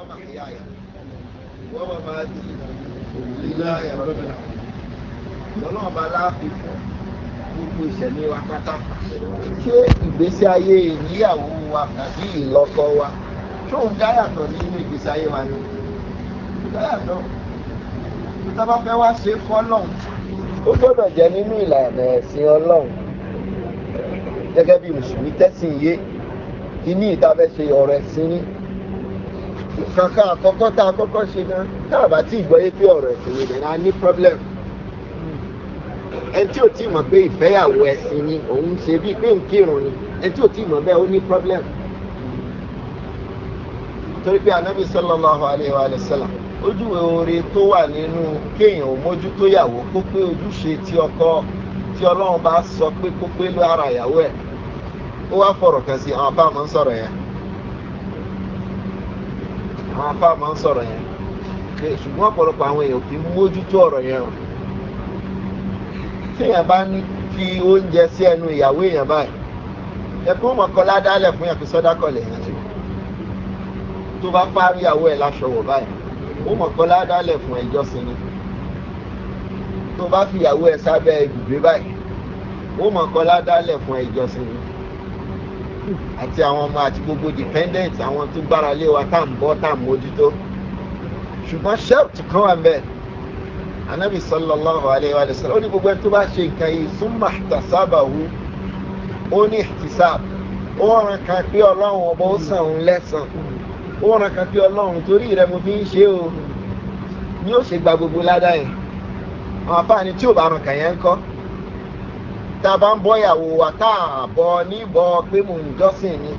ومحياي ومماتي لله رب العالمين lọ́nà bá láàfin fún gbogbo ìṣẹ̀lẹ̀ wa pátá ṣé ìgbésí ayé ìníyàwó wa tàbí ìlọ́kọ wa tóun dáyàtọ̀ nínú ìgbésí ayé wa ni dáyàtọ̀ tábà fẹ́ wá ṣe fọ́lọ́hún ó gbọ́dọ̀ jẹ́ nínú ìlànà ẹ̀sìn ọlọ́run gẹ́gẹ́ bí mùsùlùmí tẹ́sìn yé kí ní ìta fẹ́ ṣe ọ̀rọ̀ ẹ̀sìn ní kankan àkọ́kọ́ tá a kọ́kọ́ ṣe náà tá a bá tí ì gbọ́yé pé ọ̀rọ̀ ẹ̀sìn ni ìdẹ̀ra ní problem ẹni tí ò tí mọ̀ pé ìfẹ́yàwó ẹ̀sìn ni òun ṣe bíi pé ń kírun ni ẹni tí ò tí mọ̀ bẹ́ẹ̀ ó ní problem torí pé anabi sallallahu alayhi wa sallam ojúwe oore tó wà nínú kéèyàn ò mójútó yàwó kó pé ojúṣe ti ọkọ tí ọlọ́run bá sọ pé kó pé lára ìyàwó ẹ̀ ó wá fọ̀rọ̀ kan sí àwọn bá ń sọ̀rọ̀ yẹn àwọn afá máa ń sọ̀rọ̀ yẹn ṣùgbọ́n ọ̀pọ̀lọpọ̀ àwọn èèyàn kì í mójútó ọ̀rọ̀ yẹn o téèyàn bá ní fi oúnjẹ sí ẹnu ìyàwó èèyàn báyìí ẹkún mọ̀kànlá dálẹ̀ fún yàtọ̀ sọ́dákọ̀lẹ̀ yẹn ṣe tó bá parí ìyàwó ẹ̀ láṣọwọ̀ báyìí ó mọ̀kànlá dálẹ̀ fún ẹjọ́ sinmi tó bá fi ìyàwó ẹ̀ sábẹ́ ibùgbé báyìí ó mọ̀kànlá dálẹ̀ fún ẹjọ́ sinmi kù àti àwọn ọmọ àti gbogbo dependent àwọn tó gbára lé wa tá à ń bọ́ tá à ń mójútó ṣùgbọ́n shelf kan wà mẹ́ẹ̀ anabi sallallahu alayhi wa sallam ó ní gbogbo ẹni tó bá ṣe nǹkan yìí súnmọ́ àtàsábàwú ó ní ìtìsáàbù ó ràn kan pé ọlọ́run ọba ó sàn ń lẹ́sàn ó ràn kan pé ọlọ́run torí rẹ mo fi ń ṣe o ni ó ṣe gba gbogbo ládàá yẹn àwọn afáàní tí ò bá ràn kàn yẹn ń kọ́ tá a bá ń bọ́ ìyàwó wa tá a bọ́ níbọ̀ pé mò ń jọ́sìn mi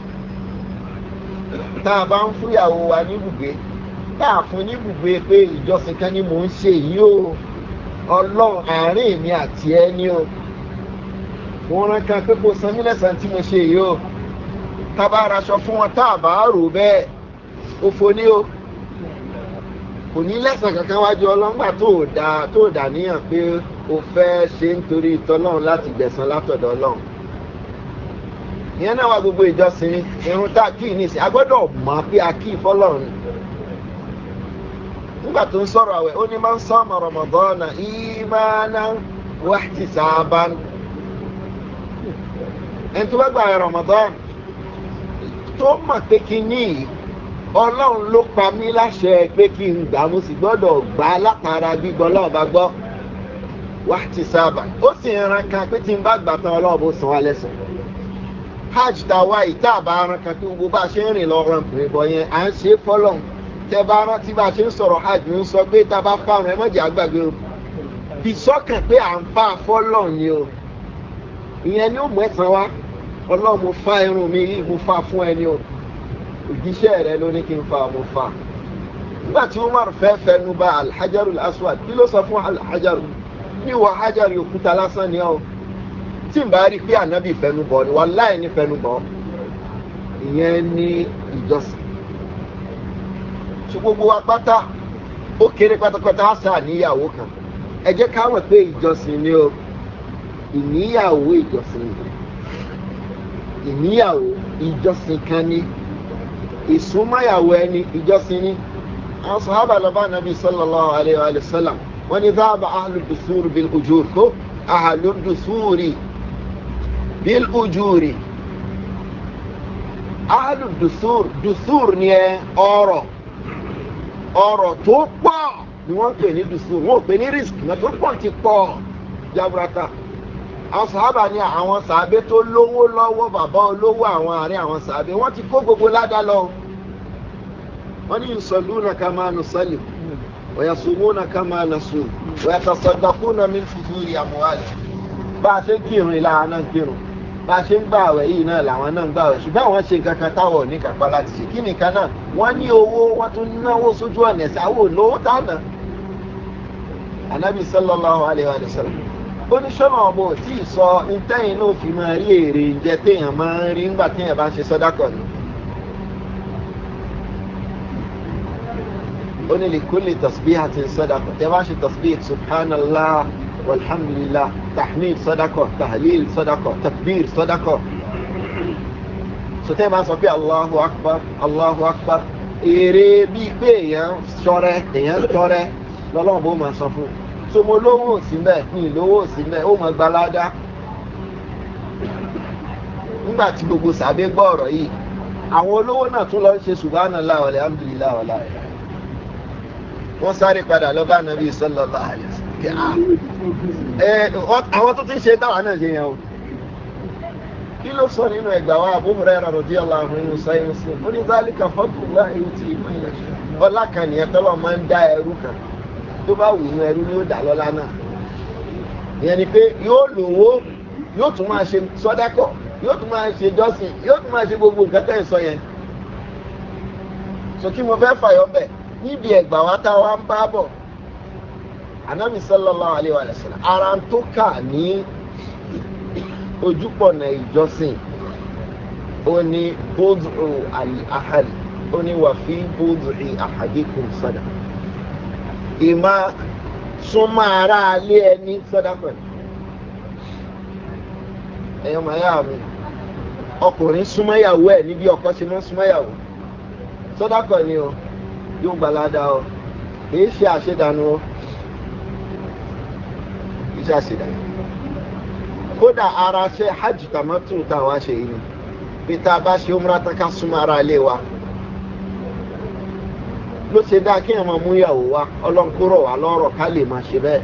tá a bá ń fún ìyàwó wa níbùgbé tá a fún níbùgbé pé ìjọsìn kan ni mò ń ṣe yìí o ọlọ́run àárín mi àti ẹ ní o wọn rán kan pé kò san mí lẹ́sàn-án tí mo ṣe yìí o tá a bá raṣọ fún wọn tá a bá rò bẹ́ẹ̀ òfò ni o kò ní lẹ́sàn kankan wájú ọlọ́ngbà tó dà tó dà níyàn pé o fẹ́ ṣe nítorí ìtọ́lọ́run láti gbẹ̀sán látọ̀dọ̀ ọlọ́run ìyẹn náà wá gbogbo ìjọsìn irun tá a kì í nìsín a mọ̀ pé a kì í fọlọ́run nígbà tó ń sọ̀rọ̀ àwẹ̀ ó ní máa ń sọ ọmọ rọmọgọ́nà ìmáná wá ti sábà ẹni tó bá gba rọmọgọ́nà tó mọ̀ pé kí ní yìí ọlọ́run ló pa mí láṣẹ pé kí n gbà mo sì gbọ́dọ̀ gbà látara gbígbọ́ ọlọ́run bá gbọ́ wá ti sábà ó sì ran kan pé tí n bá gbà tán ọlọ́run bó san wa lẹ́sàn hajj ta wá ìta àbá ran kan pé gbogbo bá a ṣe ń rìn lọ ran pèrè bọ yẹn à ń ṣe é fọlọ́n tẹ bá rántí bá a ṣe ń sọ̀rọ̀ hajj ń sọ pé tá a bá fáwọn ẹ mọ̀jẹ̀ àgbàgbé o fi sọ́kàn pé à ń bá a fọlọ́n ni o ìyẹn ni ó mú ẹ̀sán wá ọlọ́run mo fa irun mi mo fa fún ẹni o òjíṣẹ́ rẹ ló ní kí n fa mo fa nígbà tí umar fẹ́ fẹnu ba alhajarul aswad kí ló sọ fún alhajaru ní wọ hajaru òkúta lásán ni ọ tí n bá rí i pé ànábì fẹnu bọ ni wàláì ní fẹnu bọ ìyẹn ní ìjọsìn tí gbogbo wa pátá ó kéré pátápátá á sá níyàwó kan ẹ jẹ́ ká mọ̀ pé ìjọsìn ni o ìníyàwó ìjọsìn ìníyàwó ìjọsìn kan ni ìsúnmáyàwó ẹni ìjọsìn ni àwọn sọ̀hábà lọ́ba nàbí sọ́lọ́lọ́ àlẹ́ sọ́lá wọn ni dáàbà ahlùdùsúrù bí ojúùrì kó ahlùdùsúrì bí ojúùrì ahlùdùsúrù dùsúrù ni ẹ ọrọ̀ ọrọ̀ tó pọ̀ ni wọ́n pè ní dùsúrù wọ́n pè ní risk náà tó pọ̀ ti pọ̀ jaburata àwọn sàábà ni àwọn sàábé tó lówó lọ́wọ́ bàbá olówó àwọn àárín àwọn sàábé wọ́n ti kó gbogbo ládàá lọ Wani ní ìsọ̀lúnà ká máa nù sọ́lì ọ̀yàsùnmúnà ká máa nà sùn ọ̀yàtọ̀sọ̀dọ̀kúnà mi fùfú rí àmúhálì bá a ba ń kírun ìlànà náà kírun bá a ṣe ń gbààwẹ̀ yìí náà làwọn náà ń gbààwẹ̀ ṣùgbọ́n àwọn ṣe nǹkan kan táwọn ò ní kápá láti ṣe kí nìkan náà wọ́n ní owó wọ́n tún náwó sójú ọ̀nà ẹ̀sẹ̀ àwọn olówó dáná anabi sallallahu alayhi wa sallam oníṣọ́nà ọmọ tí ì sọ ntẹ́yìn náà fi máa rí èrè ìjẹ téèyàn máa ń rí ńgbà téèyàn bá ń ṣe sọ́dákọ̀ ni. ó لكل تصبيحة صدقة ti sọ́dakọ̀ سبحان الله والحمد لله subhanallah صدقة تهليل صدقة تكبير صدقة takbir sọ́dakọ̀ so tẹ́ bá sọ pé allahu akbar allahu akbar èrè bíi pé èèyàn sọrẹ èèyàn tọrẹ lọ́lọ́run bó máa sọ fún un so mo lówó òsì mbẹ mi lówó òsì mbẹ ó mọ gbalada nígbà tí gbogbo sàbẹ gbọ́ ọ̀rọ̀ yìí àwọn olówó náà tún lọ ń ṣe subhanallah walhamdulillah wàlá ẹ̀ wọ́n sáré padà lọ bá nàbí sọ́lọ́lá àyẹ̀sì àwọn tó ti ṣe dáwà náà ṣe yẹn o kí ló sọ nínú ẹgbà wa àbúrò ẹ̀rọ rọ̀dí ọlọ́run inú sáyẹn sí ó ní záàlì kan fọ́tò láàyè tí ìmọ̀ ilẹ̀ ọlá kan nìyẹn tọ́lọ̀ máa ń dá ẹrú kan tó bá wù ú ẹrú ni ó dà lọ́lá náà ìyẹn ni pé yóò lòwó yóò tún máa ṣe sọ́dákọ̀ yóò tún máa ṣe jọ́sìn yóò tún máa ṣe gbogbo nǹkan tẹ́ ń sọ yẹn níbi ẹ̀gbà wa tá wa ń bá bọ̀ anabi sallallahu alayhi wa sallam ara tó kà ní ojúpọ̀nà ìjọsìn ó ní bóòdù àhàlì ó ní wà fí bóòdù àhàdíkùn sọ́dà ìmá súnmọ́ ara alẹ́ ẹni sọ́dà pẹ̀lú ẹ̀yọ́ màá yá mi ọkùnrin súnmọ́ ìyàwó ẹ̀ níbi ọkọ ti mọ́ súnmọ́ ìyàwó sọ́dà pẹ̀lú ni o yóò gbalada o kìí ṣe àṣedànù o kìí ṣe àṣedànù kódà ara ṣe hajj tamatu táwa ṣe yìí bí tá a bá ṣe umra taka súnmọ́ ara ilé wa ló ṣe dáa kí ẹ̀ máa mú ìyàwó wa ọlọ́nkúrọ̀ wa lọ́rọ̀ ká lè máa ṣe bẹ́ẹ̀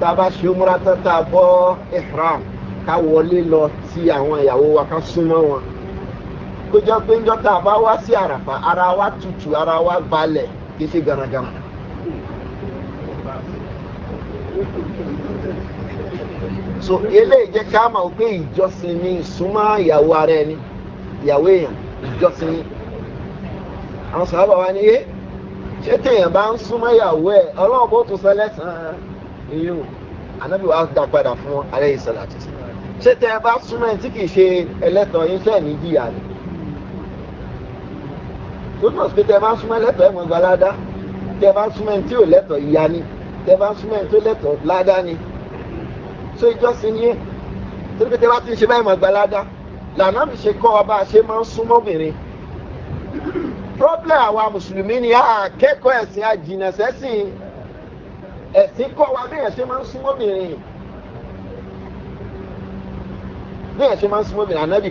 tá a bá ṣe umra tata bọ́ ihram ká wọlé lọ ti àwọn ìyàwó wa ká súnmọ́ wọn kó jẹ́ pé njọ́ tá a bá wá sí àràfà ara wa tutù ara wa balẹ̀ kì í ṣe garagama. so eléyìí jẹ́ ká mọ̀ pé ìjọsìn ni ìsúnmọ́ ìyàwó ara ẹni ìyàwó èèyàn ìjọsìn ni àwọn sábà wa ni yé ṣé téèyàn bá ń súnmọ́ ìyàwó ẹ̀ ọlọ́run bó tún sọ lẹ́sàn-án ìyó ànábì wa dá padà fún alẹ́ ìsọ̀lá àti ṣé tẹ́ bá súnmọ́ ẹ̀ tí kì ṣe ẹlẹ́tọ̀ọ́ yín sẹ́ẹ̀ ní jìyà rẹ̀ tó túmọ̀ sí pé tẹ bá ń súnmọ́ lẹ́tọ̀ọ́ ẹ̀wọ̀n gba ládá tẹ bá ń súnmọ́ ẹni tí ò lẹ́tọ̀ọ́ ìyá ni tẹ bá ń súnmọ́ ẹni tó lẹ́tọ̀ọ́ ládá ni so ìjọsìn ni ẹ̀ tó ní pé tẹ bá ti ń ṣe báyìí mọ̀ gba ládá lànà mi ṣe kọ́ ọba ṣe máa ń súnmọ́ obìnrin problem àwa mùsùlùmí ni akẹ́kọ̀ọ́ ẹ̀sìn àjìnà sẹ́sìn ẹ̀sìn kọ́ wa bí ẹ̀ṣẹ̀ máa ń súnmọ́ obìnrin bí ẹ̀ṣẹ̀ máa ń súnmọ́ obìnrin ànábì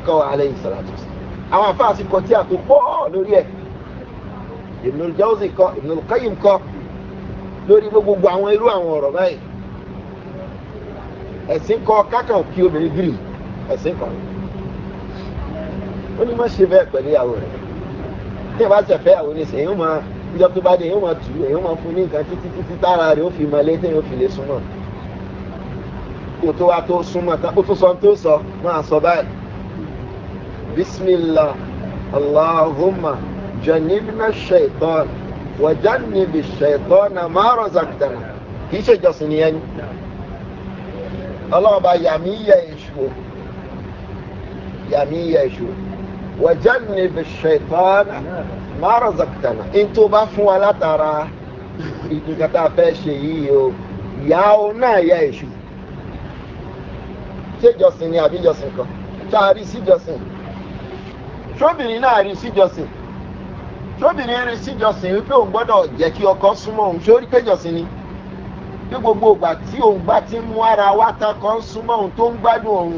àwọn àfáà kọtí àtòpọ̀ lórí ẹ̀ ibnul jawzi kọ ibnul qayyim kọ lórí gbogbo àwọn irú àwọn ọ̀rọ̀ báyìí ẹ̀sìn kọ kákan kí obìnrin gírì ẹ̀sìn kọ ó ní má ṣe bẹ́ẹ̀ pẹ̀lú ìyàwó rẹ̀ tí ẹ bá tẹ̀fẹ́ àwọn oníṣẹ́ yóò máa ìjọ tó bá dé yóò máa tù ú yóò máa fún ní nǹkan títí títí tára rẹ̀ ó fi mọ létí yóò fi lè súnmọ́ kò tó wá tó súnmọ́ kó tó sọ tó sọ máa sọ báyìí bisimilah allahumma jẹ̀nìbìnà ṣẹ̀tọ́n wọ̀já níbi ṣẹ̀tọ́n na márùn zakitana kìí ṣe jọsìn ni ẹni ọlọ́ọ̀bá yàmí yẹ èṣù yàmí yẹ èṣù wọ̀já níbi ṣẹ̀tọ́n márùn zakitana in tó bá fún wa látara ìdíkàtà fẹ́ ṣe yìí o ìyàwó náà yẹ èṣù ṣé jọsìn ni àbí jọsìn kan tá a rí sí jọsìn ṣóbìnrin náà rí sí jọsìn lóbìnrin rin síjọsìn wípé òun gbọ́dọ̀ jẹ́ kí ọkọ súnmọ́ òun sórí péjọsìn ni bí gbogbo ìgbà tí òun gbà ti mú ara wá tán kan súnmọ́ òun tó ń gbádùn òun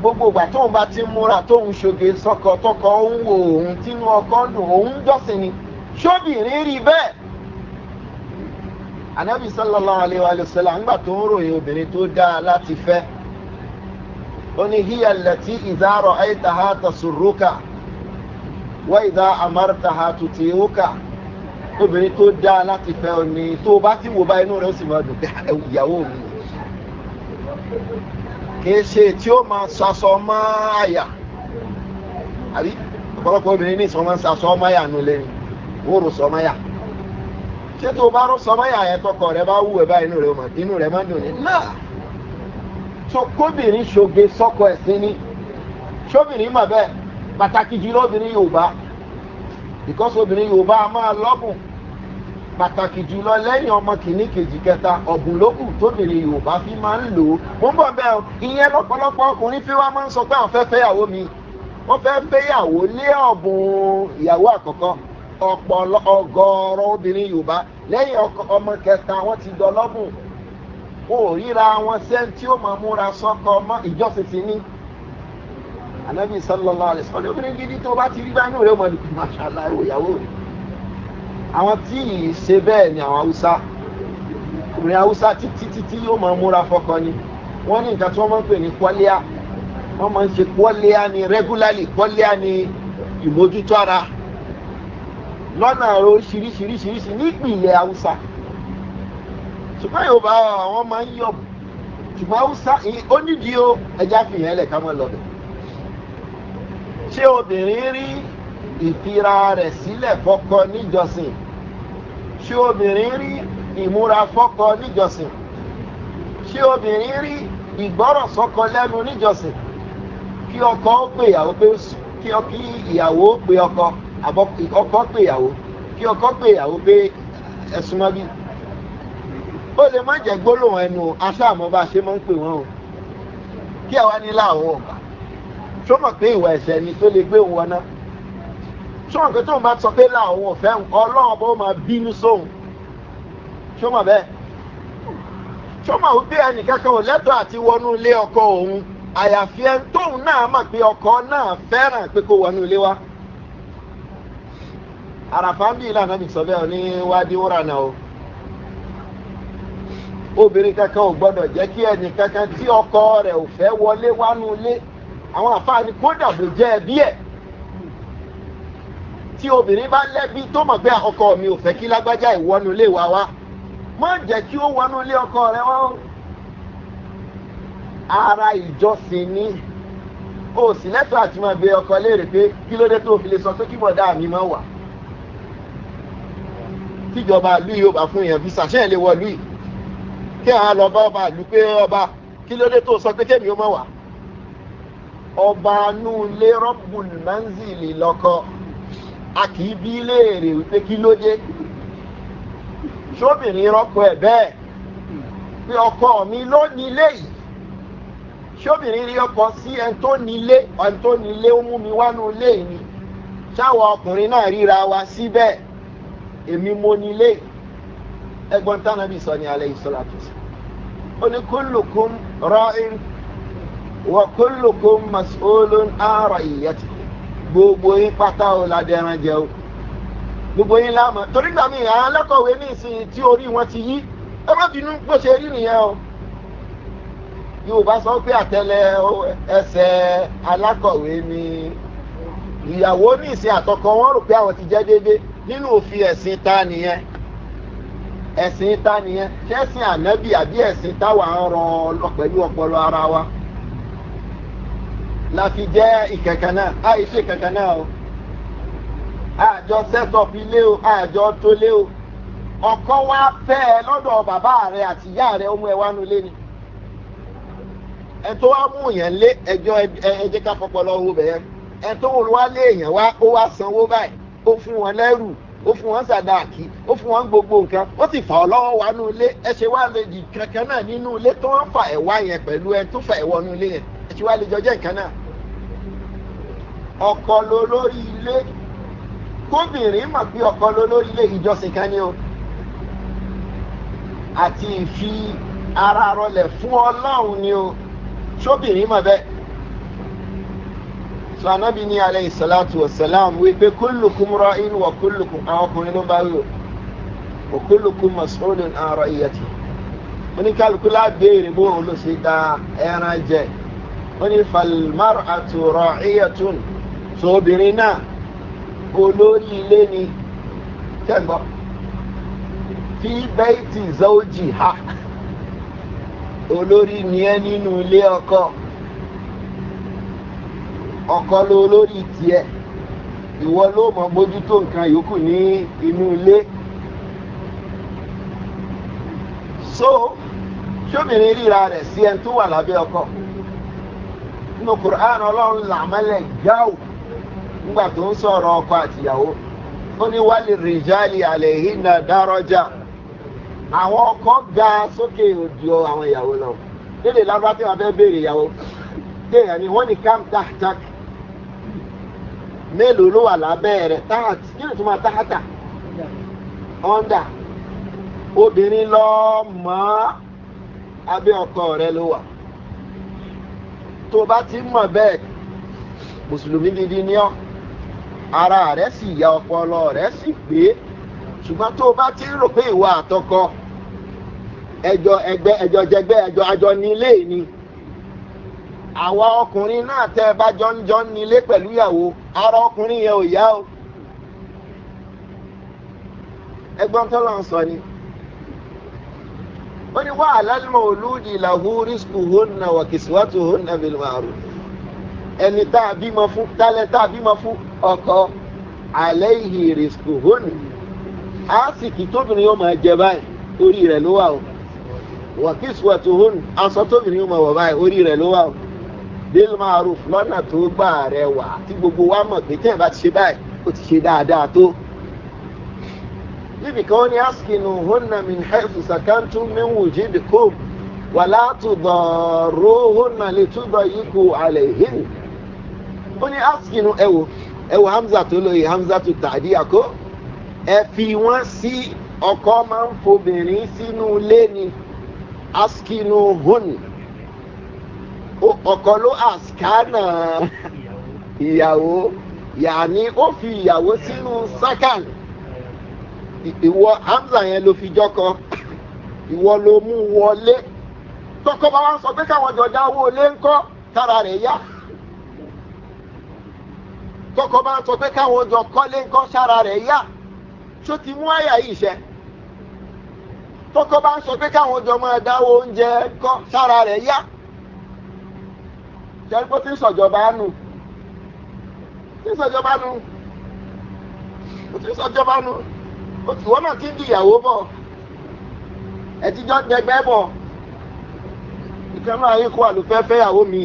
gbogbo ìgbà tóun bá ti múra tóun ṣoge sọkọ tọkọ òun wò òun tínú ọkọ dùn òun jọsìn ni sóbìnrin rí bẹ́ẹ̀ anabi sallallahu alayhi wa sallam ńgbà tó ń ròyìn obìnrin tó dáa láti fẹ́ ó ní ìzárọ̀ ayé tàhátà sùrùkà wọ́n ìdá amárùtàhà tùtì òkà obìnrin tó dáa láti fẹ́ ọ ni tó o bá ti wò bá inú rẹ̀ ó sì máa dùn pé ah, ìyàwó mi kìí ṣe tí ó máa sasọ mọ́ àyà àbí ọ̀pọ̀lọpọ̀ obìnrin ní ìsọmọ́ sasọ mọ́ àyà nù lẹ́nu ó rò sọ mọ́ àyà ṣé tó o bá rò sọ mọ́ àyà yẹn tọkọ rẹ bá wù ẹ bá inú rẹ máa inú rẹ máa dùn ní náà tó kóbìnrin ṣoge sọkọ ẹ̀sìn ni ṣóbìnrin mà bẹ́ẹ̀ pàtàkì jùlọ obìnrin yorùbá because obìnrin yorùbá a máa lọ́bùn pàtàkì jùlọ lẹ́yìn ọmọ kìíní kejì kẹta ọ̀bùn lókù tóbìnrin yorùbá fi máa ń lò ó mo ń bọ̀ bẹ́ẹ̀ o ìyẹn lọ́pọ̀lọpọ̀ ọkùnrin fi wá máa ń sọ pé àwọn fẹ́ fẹ́yàwó mi wọ́n fẹ́ fẹ́yàwó lé ọ̀bùn ìyàwó àkọ́kọ́ ọ̀pọ̀ ọgọ́rọ̀ obìnrin yorùbá lẹ́yìn ọmọ kẹta wọ́n ti dọlọ́bùn wọn ò ríra wọn sẹ́ni tí ó máa múra sọ́kọ ọmọ ìjọ́sìn ti ní ànábì sọlọ́lá àlẹ́sọ́ ní obìnrin gidi tó bá ti rí báyìí rẹ̀ mọ̀ ní mashallah ìyàwó rẹ̀ àwọn tí yìí ṣe bẹ́ẹ̀ ni àwọn haúsá obìnrin haúsá títí títí yóò máa múra fọkọ ni wọ́n ní nǹkan tí wọ́n máa ń pè ní kọ́líà wọ́n máa ń ṣe kọ́líà ni regularly kọ́líà ni ìmójútó ara lọ́nà oríṣiríṣiríṣiríṣi nípìnlẹ̀ haúsá ṣùgbọ́n yorùbá àwọn máa ń yọ̀ ṣùgbọ́n haúsá ó nídìí ó ẹja fìyàn ẹlẹ̀ ká mọ́ lọ́dọ̀ ṣé obìnrin rí ìfira rẹ̀ sílẹ̀ fọ́kọ níjọsìn ṣé obìnrin rí ìmúra fọ́kọ níjọsìn ṣé obìnrin rí ìgbọ́rọ̀ sọ́kọ lẹ́nu níjọsìn kí ọkọ pè ìyàwó pé kí ìyàwó pè ọkọ àbọ̀ ọkọ pè ìyàwó kí ọkọ pè ìyàwó pé ẹ̀sùn mọ́bí ó lè má jẹ́ gbólóhùn ẹnu aṣáàmọ́ bá ṣe máa ń pè wọ́n o kí àwa ní láwọn ọ̀gbà tó mọ̀ pé ìwà ẹ̀sẹ̀ ni tó lè gbé òun wọná tó mọ̀ pé tóun bá sọ pé láwọn òfẹ́ ọlọ́run bó máa bínú sóun tó mọ̀ bẹ́ẹ̀ tó mọ̀ wípé ẹnìkankan ò lẹ́tọ̀ àti wọnú ilé ọkọ òun àyàfi ẹni tóun náà mọ̀ pé ọkọ náà fẹ́ràn pé kó wọnú ilé wa àràfà ń bí ìlànà mi sọ bẹ́ẹ̀ ní wádìí wúrà náà o obìnrin kankan ò gbọ́dọ̀ jẹ́ kí ẹnì kankan tí ọkọ rẹ̀ ò fẹ́ wọlé wánú ilé àwọn àfáà ni kódà bò jẹ́ ẹbí ẹ̀ tí obìnrin bá lẹ́bí tó mọ̀ pé ọkọ mi ò fẹ́ kí lágbájá ìwọ́nu ilé wa wá má jẹ́ kí ó wọnú ilé ọkọ rẹ wá o ara ìjọsìn ni o sì lẹ́tọ̀ àti máa bẹ ọkọ léèrè pé kí ló dé tó fi lè sọ pé kí bọ̀dá mi máa wà tíjọba ìlú yìí ó bá fún èèyàn visa ṣé ẹ lè wọ ìlú yìí kí àwọn lọ bá ọba ìlú pé ọba kí ló dé tó sọ pé kémi ó máa wà ọba anú ilé rọ́bùn mẹ́ńsìlì lọ́kọ a kì í bí léèrè wípé kí ló dé sóbìnrin rọ́pò ẹ̀ bẹ́ẹ̀ pé ọkọ mi ló nílé yìí sóbìnrin rí ọkọ sí ẹni tó nílé ẹni tó nílé ó mú mi wánú ilé mi ṣáwọn ọkùnrin náà ríra wa síbẹ̀ èmi mo nílé ẹgbọ́n tánàbí sọ ní alẹ́ ìsọ́lá tó sọ. ó ní kúlùkùn wa kullukum mas'ulun an ra'iyyatihi gbogbo yín pátá o ládẹran jẹ o gbogbo yín láàmú torí gbà mí àwọn alákọ̀wé ní ìsìn tí orí wọn ti yí ẹ má bínú bó ṣe rí nìyẹn o yorùbá sọ pé àtẹlẹ ẹsẹ alákọ̀wé ni ìyàwó ní ìsìn àtọkọ wọn rò pé àwọn ti jẹ déédé nínú òfin ẹ̀sìn ta nìyẹn ẹ̀sìn ta nìyẹn ṣẹ́sìn ànábì àbí ẹ̀sìn táwa ń ran pẹ̀lú ọpọlọ ara wa la fi jẹ́ ìkẹ̀kẹ̀ náà àìṣe ìkẹ̀kẹ̀ náà o àjọ sẹ́tọ̀p ilé o àjọ tó o ọkọ wa fẹ́ ẹ lọ́dọ̀ bàbá rẹ àti ìyá rẹ ọmọ ẹ wá nu lé ni ẹ tó wá mú yẹn lé ẹjọ ẹjẹ ká fọpọ lọ wo bẹ̀yẹn ẹ tó wò wá lé èèyàn wá ó wá sanwó báyìí ó fún wọn lẹ́rù ó fún wọn sàdáàkì ó fún wọn gbogbo nǹkan ó sì fà ọ́ lọ́wọ́ wá nu ilé ẹ ṣe wá lè jì kankan náà nínú ilé tó wọ́n fà ẹ̀ wá yẹn pẹ̀lú ẹ tó fà ẹ̀ wọnú ilé yẹn méjèèjì wá lè jọ jẹ́ nǹkan náà ọkọ ló lórí ilé kóbìnrin mọ̀ pé ọkọ ló lórí ilé ìjọsìn kan ni o àti ìfi ara rọlẹ̀ fún ọlọ́run ni o sóbìnrin mọ̀ bẹ́ẹ̀ so anabi ni alayhi salatu wa salam wípé kullukum ra'in wa kullukum àwọn ọkùnrin ló ń bá wíwò wa kullukum mas'ulun an ra'iyati oníkálukú lábẹ́ẹ̀rẹ̀ bó olóṣèlú ẹran jẹ́ wọ́n ní falmar àtúrọ̀ iyatun so obìnrin náà olórí ilé ni tẹ́gbọ́ fi bẹ́ẹ̀tì zaújì ha olórí ni ẹ nínú ilé ọkọ ọkọ ló olórí tiẹ̀ ìwọ ló mọ bójútó nǹkan yòókù ní inú ilé so ṣóbìnrin ríra rẹ̀ sí ẹni tó wà lábẹ́ ọkọ. nínú quran ọlọ́run làmọ́lẹ̀ yáò nígbà tó ń sọ̀rọ̀ ọkọ àtìyàwó ó ní wálé rìjálì àlẹ́ ìhìnà dárọ́jà àwọn ọkọ ga sókè òjò àwọn ìyàwó lọ lédè lábá wọn fẹ́ béèrè ìyàwó téèyàn ni wọ́n ní kam mélòó ló wà lábẹ́ rẹ̀ kí ni tó máa ọ̀ndà obìnrin lọ́ọ́ mọ́ abẹ́ ọkọ rẹ ló tó bá ti mọ̀ bẹ́ẹ̀ mùsùlùmí gidi ni ọ́ ara rẹ̀ sì ya ọpọlọ rẹ̀ sì gbé ṣùgbọ́n tó bá ti rò pé ìwà àtọkọ ẹjọ ẹgbẹ ẹjọ jẹgbẹ ẹjọ àjọ nílé ni àwa ọkùnrin náà tẹ ẹ bá jọ ń jọ nílé pẹ̀lú ìyàwó ara ọkùnrin yẹn ò yá o ẹgbọ́n tó lọ sọ ni ó ní wàhálà mọ̀lúdì làwọn oríṣkù hón náà wà kìsíwátò hón náà bẹ̀rẹ̀ màrún ẹni tá a bímọ fún tálẹ̀ tá a bímọ fún ọkọ àlẹ́ ìhì rìṣkù hón àásìkì tóbìnrin yóò máa jẹ báyìí orí rẹ̀ ló wà o wà kìsíwátò hón aṣọ tóbìnrin yóò máa wọ̀ báyìí orí rẹ̀ ló wà o bíl màrún lọ́nà tó gbà rẹ̀ tí gbogbo wa mọ̀ pé tẹ́ ẹ̀ bá ti ṣe báyìí ó ti ṣe dáadáa tó níbi kan ó ní askinu hunna min hefu sakantu min wujidi kom wàlá tudọ̀rọ̀ hunna lè túbọ̀ yìí kú alẹ́ yìí ó ní askinu ẹ̀wò ẹ̀wò hamza tó lóye hamza tó tàdí àkó ẹ fi wọ́n sí ọkọ máa ń fobìnrin sínú ilé ni askinu hunna ọkọ ló àṣkánà ìyàwó yàní ó fi ìyàwó sínú sákàlì ìwọ hamza yẹn ló fi jọkọ ìwọ ló mú wọlé tọkọ bá wá sọ pé káwọn jọ dáwó lé ńkọ tára rẹ yá tọkọ bá sọ pé káwọn jọ kọ́lé ńkọ sára rẹ yá tó ti mú àyà yìí ṣẹ tọkọ bá sọ pé káwọn jọ máa dáwó oúnjẹ ńkọ sára rẹ yá jẹ́rìkó tí ń sọ̀jọba nù tí ń sọ̀jọba nù tí ń sọ̀jọba nù ìwọ náà ti ń di ìyàwó bọ̀ ẹ ti jọ dẹgbẹ́ bọ̀ ìkànnì ayé kó àlùfẹ́ fẹ́yàwó mi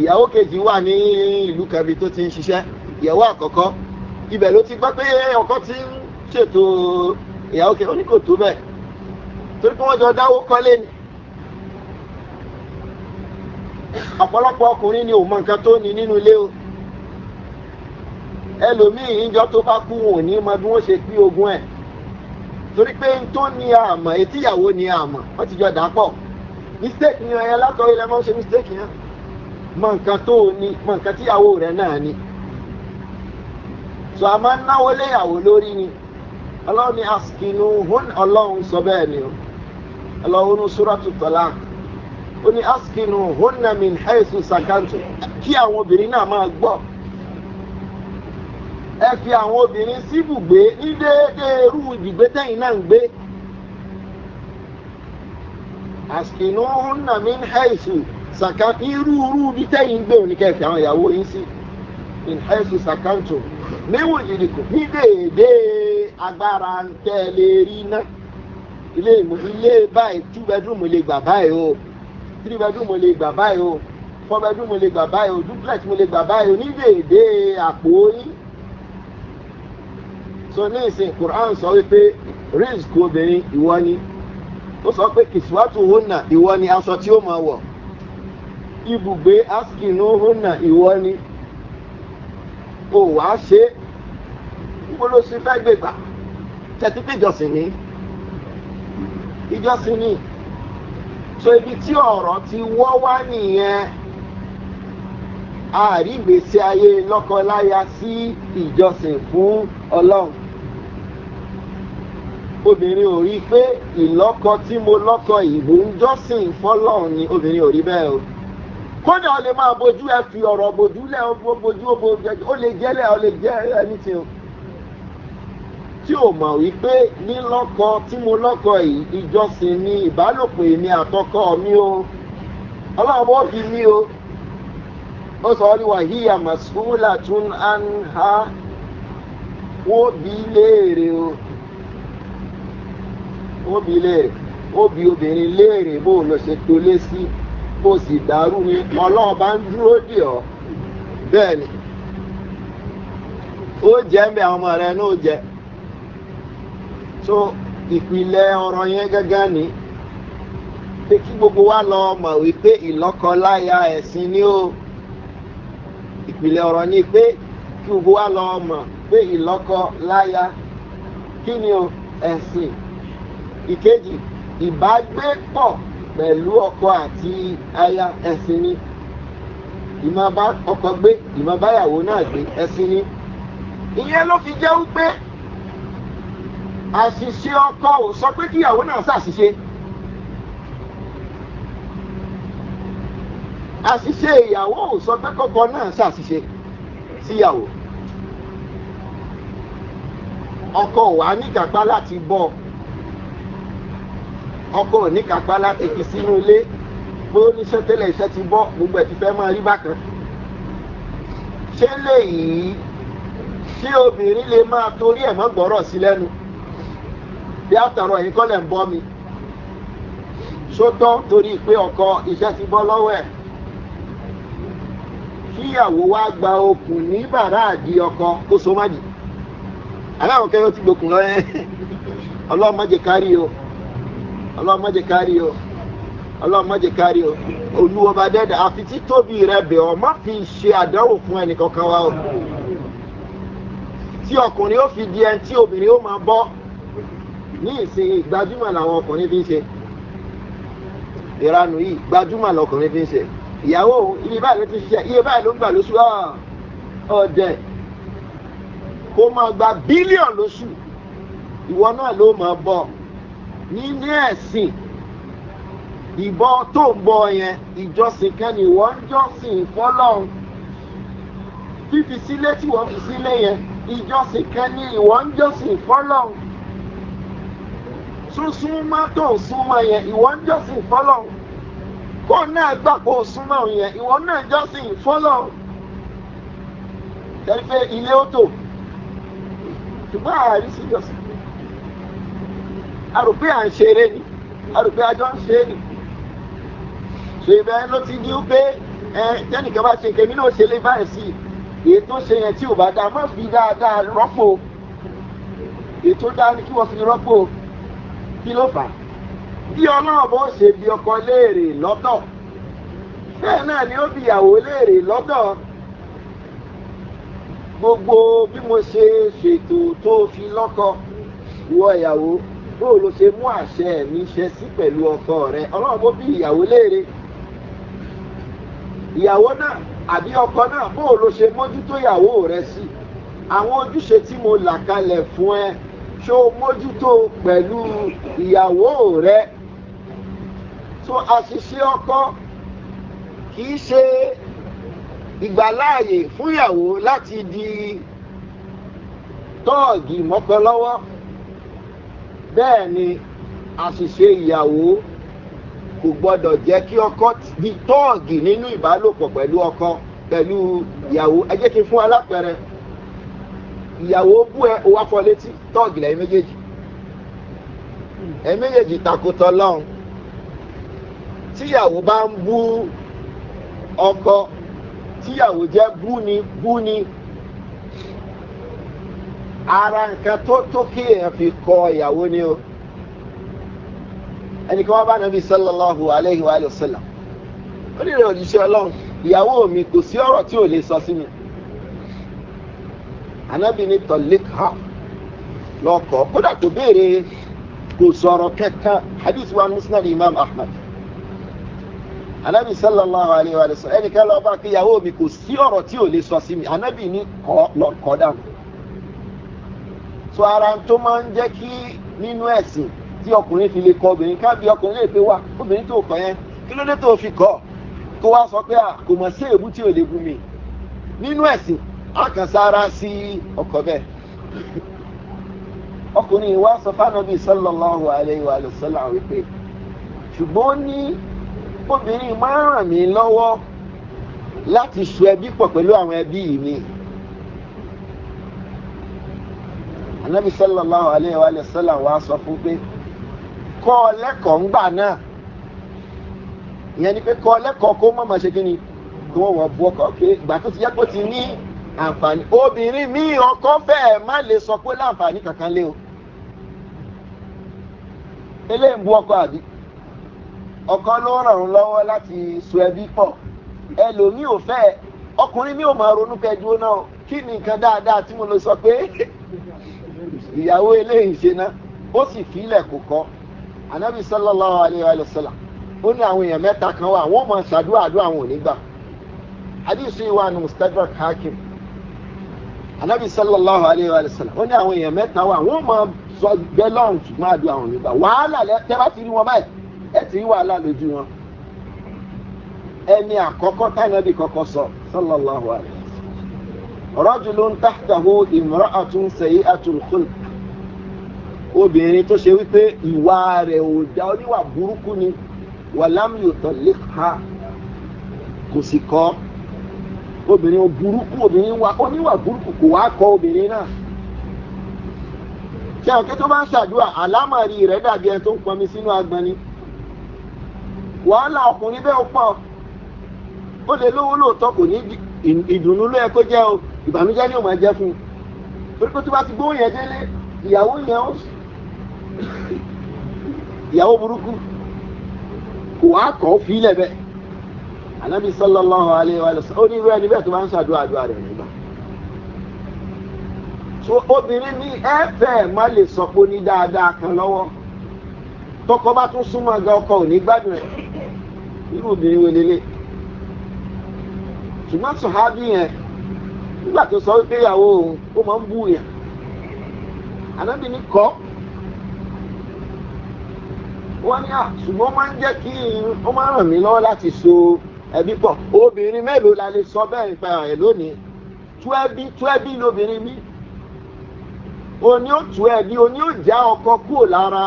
ìyàwó kejì wà ní ìlú kẹbi tó ti ń ṣiṣẹ́ ìyàwó àkọ́kọ́ ibẹ̀ ló ti gbọ́ pé ọkọ ti ń ṣètò ìyàwó kejì ó ní kò tó bẹ́ẹ̀ torí pé wọ́n jọ dáwó kọ́lé ni ọ̀pọ̀lọpọ̀ ọkùnrin ni òun mọ nǹkan tó ní nínú ilé o ẹlòmíì ìjọ tó bá kú wọn ò ní mọ bí wọ́n ṣe pín ogún ẹ̀ torí pé n tó ní àmọ̀ etí ìyàwó ní àmọ̀ wọ́n ti jọ dàpọ̀ mistake ni ẹ̀yẹ látọ̀ ilẹ̀ máa ń ṣe mistake yẹn mọ nǹkan tó o ní mọ nǹkan tíyàwó rẹ̀ náà ni so a máa ń náwó léyàwó lórí ni ọlọ́run ni askinu hún ọlọ́run sọ bẹ́ẹ̀ ni o ọlọ́run ní súrọ́tù tọ́lá ó ní askinu hún nàmín hẹ́ẹ̀sù sàkántù kí àwọn obìnrin náà máa gbọ́ ẹ fi àwọn obìnrin síbùgbé ní déédéé irú ìdìgbé tẹ̀yìn náà ń gbé. àsìkìnnú nàmí hẹ́ẹ̀sì sàkàtì irú irú ibi tẹ̀yìn gbé òní kẹfì àwọn ìyàwó yín sí hẹ́ẹ̀sì sàkàtù níwò ìdìkù ní déédéé agbára ń tẹ́lẹ̀ rí náà ilé ilé báyìí two bedroom mo lè gbà báyìí o three bedroom mo lè gbà báyìí o four bedroom mo lè gbà báyìí o duplex mo lè gbà báyìí o ní déédéé àpò yín so ní ìsìn quran sọ wípé risk obìnrin ìwọ ni ó sọ pé kìsíwátù hona ìwọ ni aṣọ tí ó máa wọ̀ ibùgbé askinu hona ìwọ ni o wàá ṣe gbólóṣì fẹ́ gbègbà tẹ̀tí pé ìjọsìn ni ìjọsìn ni so ibi tí ọ̀rọ̀ ti wọ́ wá nìyẹn àrígbèsè ayé lọ́kọ sí ìjọsìn fún ọlọ́run obìnrin ò rí i pé ìlọ́kọ tí mo lọ́kọ ìbò ń jọ́sìn fọ́lọ́run ni obìnrin ò rí bẹ́ẹ̀ o kódà ó lè máa bojú ẹ fi ọ̀rọ̀ bojú lẹ̀ bojú ó lè jẹ́lẹ̀ ó lè jẹ́ ẹni tí o tí o mọ̀ wípé nílọ́kọ tí mo lọ́kọ yìí ìjọsìn ni ìbálòpọ̀ èmi àtọkọ mi o ọlọ́run ó fi mí o ó sọ ọ́ ní wàhíyà màsúlà tún á ń wọ́n bí léèrè o wọ́n bi léèrè ó bi obìnrin léèrè bó o lọ ṣe tolé sí bó o sì dàrú ni ọlọ́run bá ń dúró dì ọ́ bẹ́ẹ̀ ni ó jẹ́ ń bẹ àwọn ọmọ rẹ náà jẹ́ so ìpìlẹ̀ ọ̀rọ̀ yẹn gángan ni pé kí gbogbo wa lọ mọ̀ wípé ìlọ́kọláya ẹ̀sìn ni ó ìpìlẹ̀ ọ̀rọ̀ ni pé kí gbogbo wa lọ mọ̀ pé ìlọ́kọláya kí ni ó ẹ̀sìn ìkejì ìbágbépọ̀ pẹ̀lú ọkọ àti aya ẹ̀sìn ni ìmọ̀ bá ọkọ gbé ìmọ̀ báyàwó náà gbé ẹ̀sìn ni ìyẹn ló fi jẹ́ wípé àṣìṣe ọkọ ò sọ pé kíyàwó náà ṣàṣìṣe. àṣìṣe ìyàwó ò sọ pé kọ́kọ́ náà ṣàṣìṣe síyàwó ọkọ wà nígbàgbá láti bọ́ ọ ọkọ ní kápá láti fi sínú ilé pé ó níṣẹ́ tẹ́lẹ̀ iṣẹ́ ti bọ́ gbogbo ẹ̀ ti fẹ́ máa rí bákan. ṣé léyìí tí obìnrin lè máa torí ẹ̀ mọ́ gbọ́rọ̀ sí lẹ́nu bí àtàrọ̀ yìí kọ́lẹ̀ ń bọ́ mi sótọ́ torí pé ọkọ iṣẹ́ ti bọ́ lọ́wọ́ ẹ̀ kíyàwó wá gba okùn ní bàrá àdí ọkọ kó so má dì aláwọ̀ kẹ́yọ́ ti gbókùn lọ́yẹ́ ọlọ́mọdé kárí o ọlọ́run má jẹ́ kárí o ọlọ́run má jẹ́ kárí o olúwọba dẹ́dà àfi títóbi rẹ bẹ̀ ọ́ má fi ṣe àdánwò fún ẹnìkankan wa o tí ọkùnrin ó fi di ẹni tí obìnrin ó máa bọ́ ní ìsìn gbajúmọ̀ làwọn ọkùnrin fi ń ṣe ìranù yìí gbajúmọ̀ lọkùnrin fi ń ṣe ìyàwó òun ibi báyìí ló ti ṣiṣẹ́ iye báyìí ló ń gbà lóṣù ah, ọ̀dẹ̀ kó máa gba bílíọ̀n lóṣù ìwọ náà ló máa bọ̀ nínú ẹ̀sìn ìbọ tó ń bọ yẹn ìjọsìn kan ni wọ́n ń jọ́sìn fọ́lọ́run fífi sílé tí wọ́n fi sílé yẹn ìjọsìn kan ni ìwọ́n ń jọ́sìn fọ́lọ́run súnsúnmọ́ tó ń súnmọ́ yẹn ìwọ́n ń jọ́sìn fọ́lọ́run kó náà gbà pé ó súnmọ́ yẹn ìwọ́n náà jọ́sìn fọ́lọ́run tẹ́lifẹ̀ ilé ó tò ṣùgbọ́n àárín sí jọ́sìn a rò pé à ń ṣeré ni a rò pé a jọ ń ṣe é ni so ibẹ̀ ló ti ní pé tẹ́nìkan bá ṣe kèmí náà ṣe lé báyìí sí èyí ṣe yẹn tí ò bá dáa má fi dáadáa rọ́pò èyí tó ni kí wọ́n fi rọ́pò kí ló fà á bí ọlọ́run bó ṣe bí ọkọ léèrè lọ́dọ̀ bẹ́ẹ̀ náà ni ó bí ìyàwó léèrè lọ́dọ̀ gbogbo bí mo ṣe ṣètò tó fi lọ́kọ ìwọ ìyàwó bó o lo ṣe mú àṣẹ mi ṣe sí pẹ̀lú ọkọ rẹ ọlọ́run bó bí ìyàwó léèrè ìyàwó náà àbí ọkọ náà bó o ṣe mójútó ìyàwó rẹ sí àwọn ojúṣe tí mo là kalẹ̀ fún ẹ ṣó o mójútó pẹ̀lú ìyàwó rẹ tó àṣìṣe ọkọ kì í ṣe ìgbàláàyè fún ìyàwó láti di tọ́ọ̀gì mọ́kànlọ́wọ́ bẹ́ẹ̀ ni àṣìṣe ìyàwó kò gbọ́dọ̀ jẹ́ kí ọkọ di tọ́ọ̀gì nínú ìbálòpọ̀ pẹ̀lú ọkọ pẹ̀lú ìyàwó ẹ jẹ́ kí n fún alápẹ̀rẹ ìyàwó bú ẹ owó afọ létí tọ́ọ̀gì lẹ́yìn méjèèjì ẹ̀yìn méjèèjì takòtò lọ́hùn tíyàwó bá ń bú ọkọ tíyàwó jẹ́ búni búni ara nǹkan tó tó kí èèyàn fi kọ ìyàwó ni o ẹnìkan wá bá nàbí sallallahu alayhi wa sallam ó nílò òjíṣẹ́ ọlọ́run ìyàwó mi kò sí ọ̀rọ̀ tí ò lè sọ sí mi anabi ni tọ́líkà lọ́kọ̀ kódà kò béèrè kò sọ̀rọ̀ kankan hadith wa musnad imam ahmed anabi sallallahu alayhi wa sallam ẹnìkan lọ́ọ́ bá pé ìyàwó mi kò sí ọ̀rọ̀ tí ò lè sọ sí mi anabi ni kọ́ lọ́kọ̀ dànù so ara tó máa ń jẹ́ kí nínú ẹ̀sìn tí ọkùnrin fi lè kọ obìnrin ká bí ọkùnrin lè pe wá obìnrin tó kọ yẹn kí ló dé tó fi kọ kó wá sọ pé kò mọ̀ sí èébú tí ò lè bu mi nínú ẹ̀sìn àkànṣára sí ọkọ̀ bẹ́ẹ̀ ọkùnrin wa sọ fánàbí sọlọ́láhù aláìwá lọ́sọ́là wípé ṣùgbọ́n ó ní obìnrin máa ń ràn mí lọ́wọ́ láti so ẹbí pọ̀ pẹ̀lú àwọn ẹbí mi. anabi sallallahu alayhi wa sallam wa sọ fún pé kọ́ ọ lẹ́kọ̀ọ́ ńgbà náà ìyẹn ni pé kọ́ ọ lẹ́kọ̀ọ́ kó má máa ṣe kí ni kí wọ́n wọ́n bu ọkọ̀ pé ìgbà tó ti yẹ kó ti ní àǹfààní obìnrin míì ọkọ fẹ́ẹ̀ má lè sọ pé láǹfààní kankan lé o eléyìí ń bu ọkọ àbí ọkọ ló ràn án lọ́wọ́ láti so ẹbí pọ̀ ẹlòmíì ò fẹ́ ọkùnrin mi ò máa ronú pẹ́ dúró náà kí ni nǹkan dáadáa tí mo lè sọ pé ìyàwó eléyìí ṣe ná ó sì fílẹ̀ kò kọ́ anabi sallallahu alayhi wa sallam ó ní àwọn èèyàn mẹ́ta kan wà wọ́n mọ̀ ṣàdúrà àdúrà àwọn ò ní gbà hadith yìí wà ní mustadrak hakim anabi sallallahu alayhi wa sallam ó ní àwọn èèyàn mẹ́ta wà wọ́n mọ̀ sọ gbẹ́lọ́n ṣùgbọ́n àdúrà àwọn ò wàhálà tẹ́ ti rí wọn báyìí ẹ ti rí wàhálà lójú wọn ẹni àkọ́kọ́ tánàbí kọ́kọ́ sọ sallallahu alayhi wa sallam rọ́jùlún tàhtàhó ìmọ̀ràn àtúnṣe àtúnṣe obìnrin tó ṣe wípé ìwà rẹ̀ ò da oníwà burúkú ni wàlámù tán lè ha kò sì kọ́ obìnrin burúkú obìnrin wa oníwà burúkú kò wá kọ́ obìnrin náà ṣe ọ̀kẹ́ tó bá ń ṣàdúrà àlámàrí rẹ̀ dàbí ẹni tó ń pọnmi sínú agbọn wàhálà ọkùnrin bẹ́ẹ̀ pọ̀ ó lè lówó lóòótọ́ kò ní ìdùnnú ló yẹ kó jẹ́ o ìbànújẹ́ ni ò máa jẹ́ fún un torí pé tó bá ti gbóhùn yẹn délé ìyàwó yẹn ó ìyàwó burúkú kò wá kọ́ fílẹ̀ bẹ́ẹ̀ anabi sallallahu alayhi wa sallam ó ní irú ẹni bẹ́ẹ̀ tó máa ń ṣàdúrà àdúrà rẹ̀ nígbà so obìnrin ní ẹ fẹ́ má lè sọ pé ó ní dáadáa kan lọ́wọ́ tọkọ bá tún súnmọ́ ọ̀gá ọkọ ò gbádùn ẹ̀ irú obìnrin wo lélẹ̀ ṣùgbọ́n sọ̀hábì yẹn nígbà tó sọ wípé ìyàwó òun ó máa ń bú yẹn anabi ní kọ́ wọ́n ní à ṣùgbọ́n máa ń jẹ́ kí ó máa ràn mí lọ́wọ́ láti so ẹbí pọ̀ obìnrin mélòó la lè sọ bẹ́ẹ̀ nípa ẹ̀ lónìí tú ẹbí tú ẹbí lóbìnrin mi oní ó tú ẹbí oní ó já ọkọ kúrò lára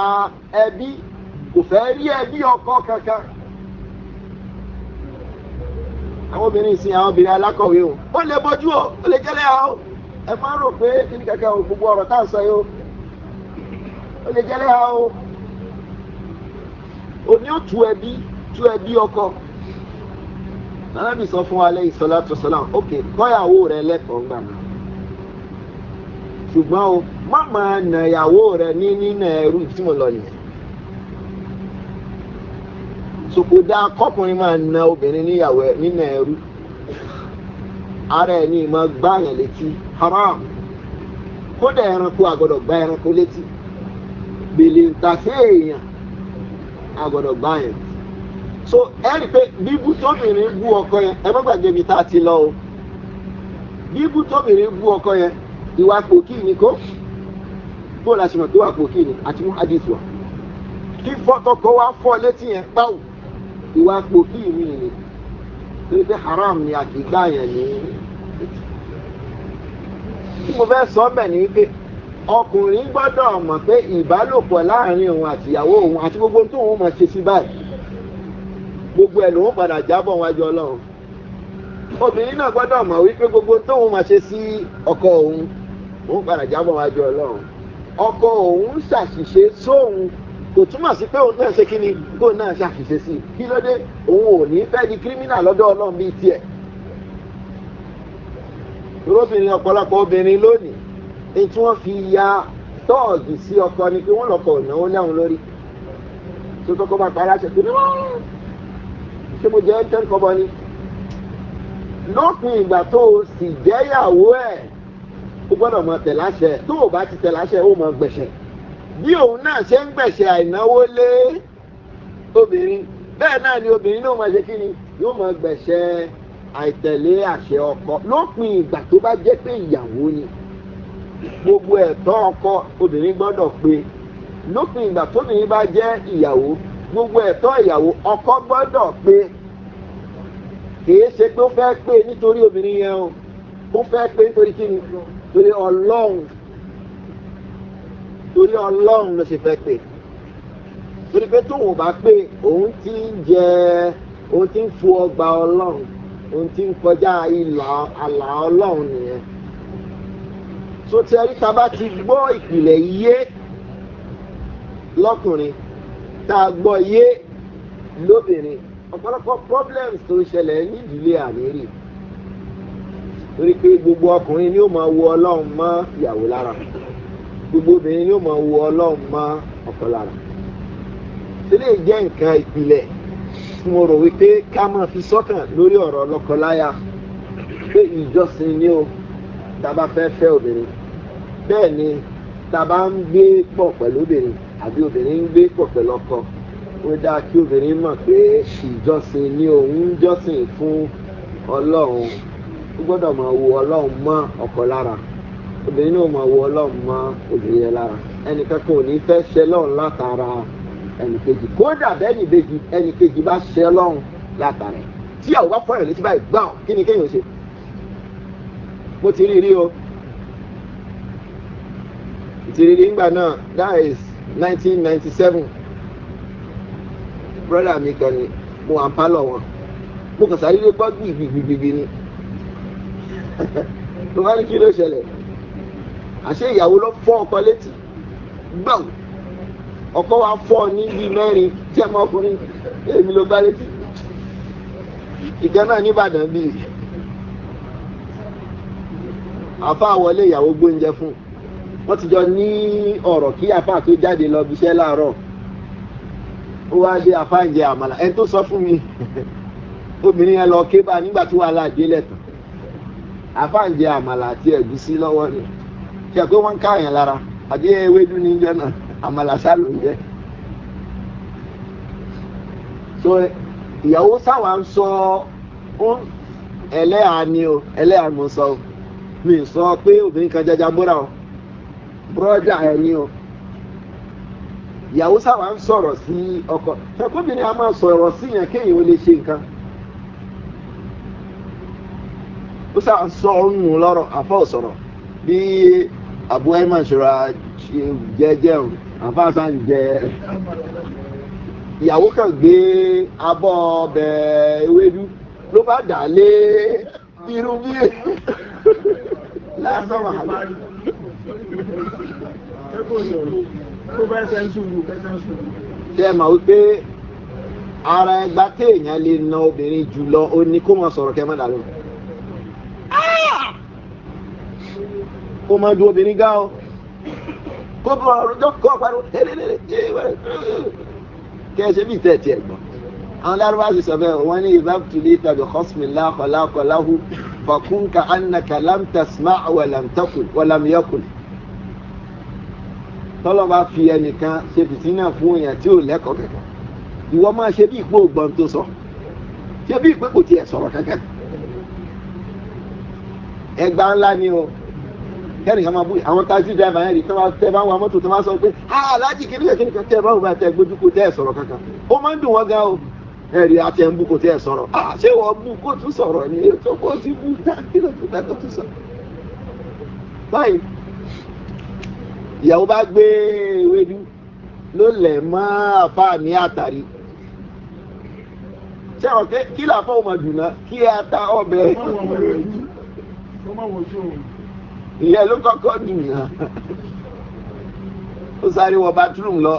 ẹbí kò fẹ́ rí ẹbí ọkọ kankan àwọn obìnrin ìsìn àwọn obìnrin alákọ̀wé o ó lè bójú o ó lè jẹ́lẹ̀ o ẹ máa ń rò pé kí ni kankan o gbogbo ọ̀rọ̀ tá à ń sọ yìí o ó lè jẹ́lẹ̀ o òní ó tu ẹbí tu ẹbí ọkọ alábì sọ fún alẹ́ ìsọlá tó sọlá ok kọ́yàwó rẹ lẹ́kọ̀ọ́ gbà mí ṣùgbọ́n o má máa nà ìyàwó rẹ ní nínà ẹrú tí mo lọ nìyẹn sòkòdà kọkùnrin máa na obìnrin níyàwó nínà ẹrú ara ẹ̀ ní ìmọ̀ gbá yẹn létí haram kódà ẹranko àgọ́dọ̀ gbá ẹranko létí bèlè ń èèyàn agbọdọ gbá so ẹ rí i pé bíbú ọkọ yẹn ẹ má gbàgbé tá a ti lọ o bíbú tóbìnrin bú ọkọ yẹn ìwà pòkì ni kó bó la ṣe mọ̀ pé ìwà pòkì ni àti mú hadith wa kí fọ́tọ̀kọ wa fọ́ létí yẹn báwò ìwà haram ni àkìgbà yẹn ni. tí mo fẹ́ sọ ọ́ ọkùnrin gbọ́dọ̀ mọ̀ pé ìbálòpọ̀ láàrin òun àtìyàwó òun àti gbogbo tó òun máa ṣe sí báyìí gbogbo ẹ̀ lòun padà jábọ̀ wájú ọlọ́run obìnrin náà gbọ́dọ̀ mọ̀ wípé gbogbo tó òun ṣe sí ọkọ òun padà jábọ̀ wájú ọlọ́run ọkọ òun ṣàṣìṣe sóhun kò túmọ̀ sí pé òun náà ṣe kíni náà ṣàṣìṣe sí i kí ní fẹ́ di kírímínà lọ́dọ̀ ní tí wọ́n fi ya tọ́ọ̀gì sí ọkọ ni pé wọ́n lọ́kọ̀ ìnáwó láwọn lórí tó tọ́kọ́ bá parí aṣọ pé ṣé mo jẹ́ ten kọ́bọ ni lópin ìgbà tó o sì jẹ́yàwó ẹ̀ o gbọ́dọ̀ mọ tẹ̀ láṣẹ tó o bá ti tẹ̀ láṣẹ o mọ gbẹ̀ṣẹ̀ bí òun náà ṣe ń gbẹ̀ṣẹ̀ àìnáwó lé obìnrin bẹ́ẹ̀ náà ni obìnrin náà máa ṣe kí ni yóò máa gbẹ̀ṣẹ̀ àìtẹ̀lé àṣẹ ọkọ lópin ìgbà tó bá jẹ́ pé ìyàwó ni gbogbo ẹ̀tọ́ ọkọ obìnrin gbọ́dọ̀ pé lópin ìgbà tóbìnrin bá jẹ́ ìyàwó gbogbo ẹ̀tọ́ ìyàwó ọkọ gbọ́dọ̀ pé kìí ṣe pé ó fẹ́ pé nítorí obìnrin yẹn o ó fẹ́ pé nítorí kí ni torí ọlọ́run torí ọlọ́run ló ṣe fẹ́ pé torí pé tóun ò bá pé òun ti ń jẹ òun ti ń fo ọgbà ọlọ́run òun ti ń kọjá ìlà àlà ọlọ́run nìyẹn tó ti ẹrí ta bá ti gbọ́ ìpìlẹ̀ yé lọ́kùnrin tá a gbọ́ yé lóbìnrin ọ̀pọ̀lọpọ̀ problems tó ń ṣẹlẹ̀ ní ìdílé àmírì torí pé gbogbo ọkùnrin ni ó máa wo ọlọ́run mọ́ ìyàwó lára gbogbo obìnrin ni ó máa wo ọlọ́run mọ́ ọkọ lára tí lè jẹ́ nǹkan ìpìlẹ̀ tí mo rò wípé ká máa fi sọ́kàn lórí ọ̀rọ̀ lọ́kọláya pé ìjọsìn ni ó tá a bá fẹ́ fẹ́ obìnrin bẹ́ẹ̀ ni tá a bá ń gbé pọ̀ pẹ̀lú obìnrin àbí obìnrin ń gbé pọ̀ pẹ̀lú ọkọ ó dáa kí obìnrin mọ̀ pé ìjọsìn ni òun ń jọ́sìn fún ọlọ́run ó gbọ́dọ̀ máa wo ọlọ́run mọ́ ọkọ lára obìnrin náà máa wo ọlọ́run mọ́ obìnrin yẹn lára ẹnìkan kan ò ní fẹ́ ṣe lọ́run látara ẹnìkejì kódà bẹ́ẹ̀ni ìbejì ẹnìkejì bá ṣe lọ́run látara tí àwọn bá fọyọ̀ létí báyìí gbà kí ni kéèyàn ṣe mo ti rí rí o ìtìrìrì ńgbà náà that is 1997. brother mi kan ni mo wà ń pálọ̀ wọn mo kàn sáré lé gbọ́ gbìgbìgbìgbì ni mo bá ní kí ló ṣẹlẹ̀ àṣé ìyàwó ló fọ́ ọkọ létí gbọ́n ọkọ wa fọ́ ní bíi mẹ́rin tí ẹ mọ ọkùnrin èmi ló gbá létí ìgbà náà nìbàdàn bíi àfa àwọlé ìyàwó gbóúnjẹ fún un wọ́n ti jọ ní ọ̀rọ̀ kí àfa tó jáde lọ bí iṣẹ́ láàárọ̀ ó wá dé àfa ń jẹ àmàlà ẹni tó sọ fún mi obìnrin yẹn lọ ké bá nígbà tí wàhálà délẹ̀ tán àfa ń jẹ àmàlà àti ẹ̀gúsí lọ́wọ́ ni ṣe pé wọ́n ń ká àyàn lára àbí ewédú ní ìjọ náà àmàlà sá ló ń jẹ. so ìyàwó sáwà ń sọ ẹlẹ́hàá ni o ẹlẹ́hàá mo sọ o mi sọ pé obìnrin kan jẹjẹ múra o bùrọ́dà ẹ̀ o ìyàwó sábà ń sọ̀rọ̀ sí ọkọ ṣàkóbìnrin a máa sọ̀rọ̀ sí yẹn kéèyàn ó lè ṣe nǹkan ó sábà sọ ọ̀run lọ́rọ̀ àfọ̀ sọ̀rọ̀ bí àbúrò ẹ̀ máa ṣọra jẹ́jẹ́ o àfọ̀ àṣà ń jẹ ìyàwó kan gbé abọ́ ọbẹ̀ ewédú ló bá dà lé irú bí lásán wàhálà ṣe é mà wípé ara ẹgbà téèyàn lè na obìnrin jù lọ ó ní kó máa sọ̀rọ̀ kẹ́ máa dàlú. kó máa ju obìnrin gá o kó bọ̀ ọ̀rọ̀ kó pariwo kẹ́ ẹ ṣe bí ìtẹ́ ẹ̀ tiẹ̀ gbọ́n. àwọn lárúbá sì sọ bẹ́ẹ̀ wọ́n ní ìbáfitìlì tàbí kọ́sìmìlá kọ́lákọ́láhù fàkúnkà ànàkà lámtàsímà wàlàmtàkùn wàlàmìyàkùn tọ́lọ́ bá fi ẹnìkan ṣe fìtínà fún èèyàn tí ò lẹ́kọ̀ọ́ kẹ̀kọ́ ìwọ máa ṣe bí ìpò ògbọ́n tó sọ ṣe bí ìpè kò tiẹ̀ sọ̀rọ̀ kankan ẹgbà ńlá ni o kẹ́nìkan máa bú àwọn taxi driver yẹn rí tí wọ́n tẹ́ bá wọn mọ́tò tí wọ́n sọ pé aláàjì kìnìkan kìnìkan tẹ́ bá wọn bá tẹ́ gbójú kò tẹ́ sọ̀rọ̀ kankan ó máa ń dùn wọ́n gan o ẹ̀rí àti ẹ̀ńbù kò tẹ́ sọ̀rọ̀ ṣé wọ́n bú kó tún sọ̀rọ̀ ni ètò kó ti bú dákìlọ̀ tó dákìlọ̀ tó sọ̀rọ̀ ìyàwó bá gbé ewédú ló lẹ̀ mọ́ àfa ní àtàrí ṣé àwọn kí làáfọ́ ọmọ jùlọ kí a ta ọbẹ̀ ìyẹn ló kọ́kọ́ dùn yàn ó sáré wọ bathroom lọ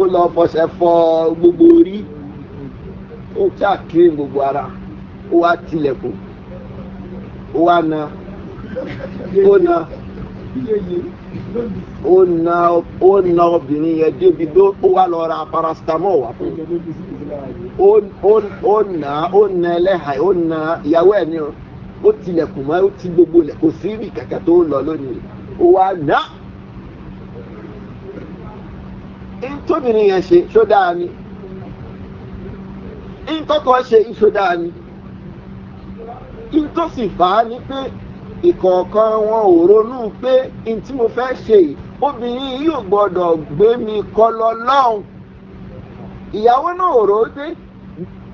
ó lọ fọṣẹ fọ gbogbo orí ó ṣàkíyè gbogbo ara ó wá tilẹ̀kùn ó wá na ó na ó na ó na obìnrin yẹn débi tó ó wá lọ ra paracetamol wá fún un ó na ó na ẹlẹ́hàá ó na ìyàwó ẹ̀ ní o ó tilẹ̀kùn mọ́ ó ti gbogbo lẹ̀ kò sí ibi kàkà tó lọ lónìí ó wá ná. ntóbìnrin yẹn ṣe ṣó ni ntọ́kọ̀ ṣe iṣó ni ntọ́sí fàá ni pé ìkọ̀ọ̀kan wọn ò ronú pé n tí mo fẹ́ ṣe obìnrin yóò gbọ́dọ̀ gbé mi kọ́ lọ lọ́hùn ìyàwó náà ò rò ó pé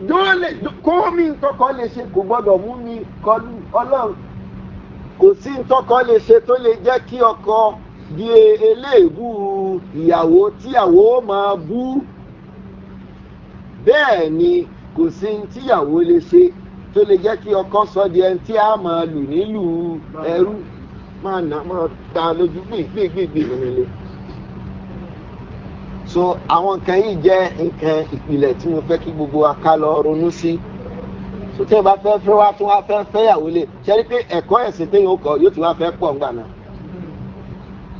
dóòlè kó mi ntọ́kọ lè ṣe kò gbọ́dọ̀ mú mi kọlu ọlọ́run kò sí ntọ́kọ lè ṣe tó lè jẹ́ kí ọkọ di eléèbú ìyàwó tíyàwó máa bú bẹ́ẹ̀ ni kò sí tíyàwó lè ṣe tó lè jẹ́ kí ọkọ sọ di ẹni tí a máa lù nílùú ẹrú máa nà máa ta lójú gbìgbìgbì nílé. so àwọn nǹkan yìí jẹ́ nǹkan ìpìlẹ̀ tí mo fẹ́ kí gbogbo wa ká lọ ronú sí so tẹ́ ẹ bá fẹ́ fẹ́ wá tún wá fẹ́ fẹ́yàwó lè ṣe rí pé ẹ̀kọ́ ẹ̀sìn téèyàn kọ yóò ti wá fẹ́ pọ̀ ńgbà náà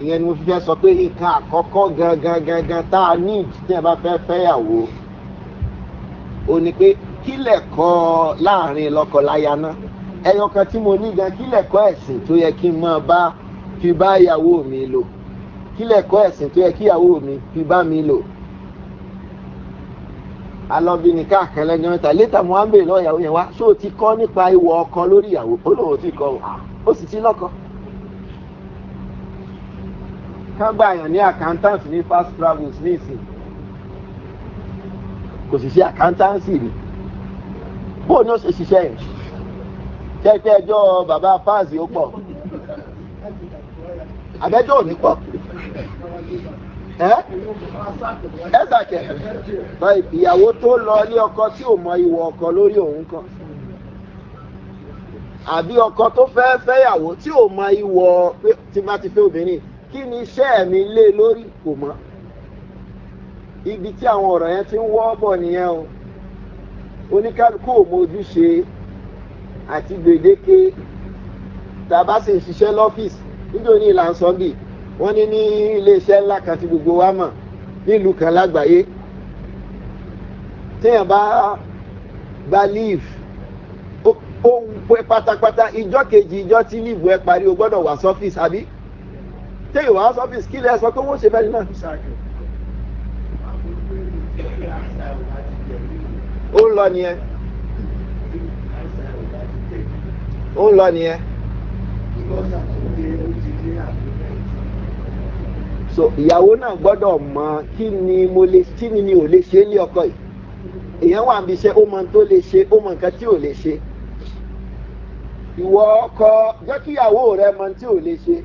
ìyẹn ni mo fi fẹ́ sọ pé nǹkan àkọ́kọ́ gangan gangan tá a ní ìdí tẹ́ bá fẹ́ fẹ́yàwó o ni pé kí lẹ̀kọ́ láàrin lọ́kọ̀láya náà ẹyọ kan tí mo ní gan kí lẹ̀kọ́ ẹ̀sìn tó yẹ kí n máa bá fi bá ìyàwó mi lò kí lẹ̀kọ́ ẹ̀sìn tó yẹ kí ìyàwó mi fi bá mi lò. alọ́bí ni káàkan lẹ́jọ́ létà mo wá ìyàwó yẹn wá ṣó o ti kọ́ nípa ìwọ ọkọ lórí ìyàwó ó lóun ti kọ́ ó sì ti lọ́kọ. kán yàn ní accountant ní fast travels ní ìsìn kò sì ṣe accountancy rí bóun ni ó ṣe ṣiṣẹ́ yẹn tẹ́tẹ́ ẹjọ́ bàbá fáàzì ó pọ̀ àbẹ́jọ́ ò ní pọ̀ ẹ sàkẹ́ ìyàwó tó lọ ní ọkọ tí ò mọ ìwọ ọkọ lórí òun kan àbí ọkọ tó fẹ́ fẹ́yàwó tí ò mọ ìwọ tí bá ti fẹ́ obìnrin kí ni iṣẹ́ mi lé lórí kò mọ́ ibi tí àwọn ọ̀rọ̀ yẹn ti ń wọ́ bọ̀ nìyẹn o oníkálukú ò mójúṣe àti gbèdéke tàbá sì ń ṣiṣẹ́ lọ́fíìsì nítorí ìlànà sunday wọ́n ní ní iléeṣẹ́ ńlá kan tí gbogbo wa mọ̀ nílùú kan lágbàáyé téèyàn bá gba leave ó ń pẹ́ pátápátá ìjọ́ kejì ìjọ́ tí leave ẹ parí o gbọ́dọ̀ wá sọ́fíìsì àbí téèyàn wá sọ́fíìsì kí lè sọ pé wọ́n ṣe fẹ́ nínú. hold on here. Hold on here. So ìyàwó náà gbọ́dọ̀ mọ kí ni mo lè kí ni mi ò lè ṣe ní ọkọ yìí. Èèyàn wà níbi iṣẹ́ ó mọ tó lè ṣe ó mọ nǹkan tí ò lè ṣe. Ìwọ ọkọ jẹ́ kí ìyàwó rẹ mọ tí ò lè ṣe.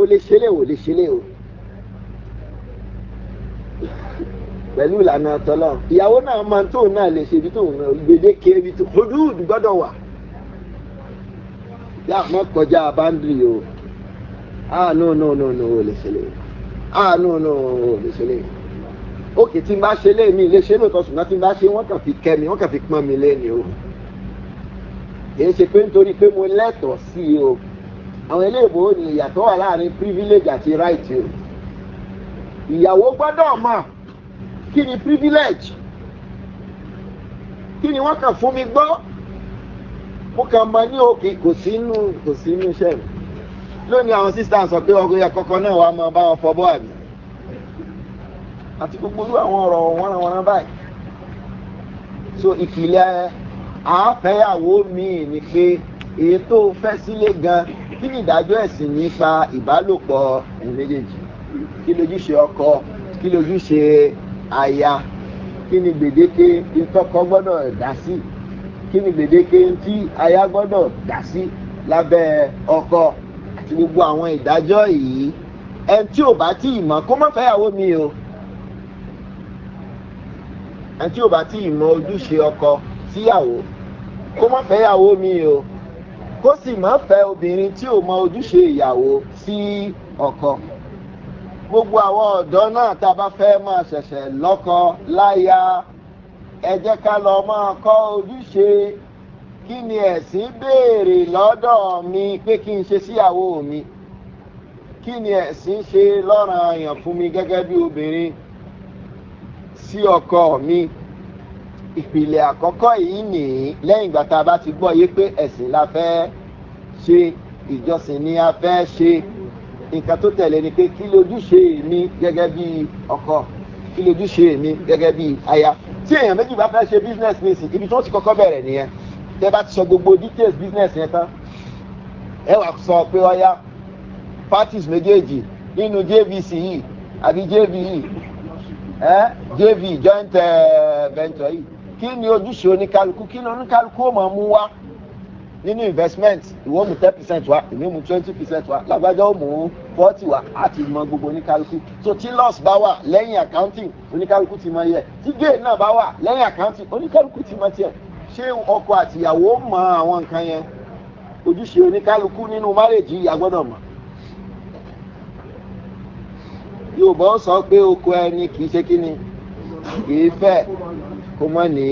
O lè ṣe lè o lè ṣe lè o. pẹ̀lú ìlànà tọ́lọ́n ìyàwó náà máa tóun náà lè ṣe ibi tóun náà gbèdéke ibi tó hudud gbọ́dọ̀ wà yà á mọ́ kọjá abandri o ah no no no no o lè ṣẹlẹ̀ ah no no o lè ṣẹlẹ̀ òkè tí n bá ṣe léèmí lè ṣe lóòótọ́ ṣùgbọ́n tí n bá ṣe wọ́n kàn fi kẹ́ mi wọ́n kàn fi pọ́n mi lẹ́ni o kì í ṣe pé nítorí pé mo lẹ́tọ̀ọ́ sí i o àwọn eléèbó ni ìyàtọ̀ wà láàrin privilege àti right o ìyàwó gbọ́dọ̀ mọ̀ kí ni privilege kí ni wọ́n kàn fún mi gbọ́ mo kàn mọ ní òkè kò sínú kò sínú iṣẹ́ mi lónìí àwọn sisters sọ pé ọgọ́yà kọ́kọ́ náà wàá máa bá wọn fọbọ́ àbí àti gbogbo irú àwọn ọ̀rọ̀ wọ́nranwọ́nran báyìí so ìkìlẹ̀ àáfẹ́yàwó míì ni pé èyí tó fẹ́ sílé gan kí ni ìdájọ́ ẹ̀sìn nípa ìbálòpọ̀ ẹ̀yìn méjèèjì kí lójúṣe ọkọ kí lójúṣe aya kí ni gbèdéke ìtọ́kọ gbọ́dọ̀ dá sí kí ni gbèdéke tí aya gbọ́dọ̀ dá sí lábẹ́ ọkọ àti gbogbo àwọn ìdájọ́ yìí ẹni tí ò bá tí ì mọ̀ kó má fẹ́yàwó mi o ẹni tí ò bá tí ì mọ ojúṣe ọkọ síyàwó kó má fẹ́yàwó mi o kó sì má fẹ́ obìnrin tí ò mọ ojúṣe ìyàwó sí ọkọ. Si gbogbo àwọn ọ̀dọ́ náà tá a bá fẹ́ máa ṣẹ̀ṣẹ̀ lọ́kọ láya ẹ jẹ́ ká lọ máa kọ́ ojúṣe kí ni ẹ̀sìn béèrè lọ́dọ̀ mi pé kí n ṣe síyàwó mi kí ni ẹ̀sìn ṣe lọ́ràn àyàn fún mi gẹ́gẹ́ bí obìnrin sí ọkọ mi ìpìlẹ̀ àkọ́kọ́ yìí nìyí lẹ́yìn ìgbà tá a bá ti gbọ́ yé pé ẹ̀sìn la fẹ́ ṣe ìjọsìn ni a fẹ́ ṣe nǹkan tó tẹ̀lé ni pé kí lójúṣe mi gẹ́gẹ́ bí ọkọ kí lójúṣe mi gẹ́gẹ́ bí aya tí èèyàn méjì bá fẹ́ ṣe business ní ìsìn ibi tí wọ́n ti kọ́kọ́ bẹ̀rẹ̀ nìyẹn tẹ́ bá ti sọ gbogbo details business yẹn tán ẹ wà sọ pé ọya parties méjèèjì nínú jvc yìí àbí jv yìí eh? jv joint uh, venture yìí kí ni ojúṣe oníkálukú kí ni oníkálukú ó máa mú wá nínú investment ìwọ mú ten percent wá èmi mú twenty percent wá lágbájá ó mú forty wá àti mọ gbogbo oníkálukú so tí loss bá wà lẹ́yìn accounting oníkálukú ti mọ yẹ tí gain náà bá wà lẹ́yìn accounting oníkálukú ti mọ tiẹ̀ ṣé ọkọ àtìyàwó mọ àwọn nǹkan yẹn ojúṣe oníkálukú nínú márèjì àgbọ́dọ̀ mọ̀ yóò bọ́ sọ pé oko ẹni kì í ṣe kí ni kì í fẹ́ kó mọ̀ ní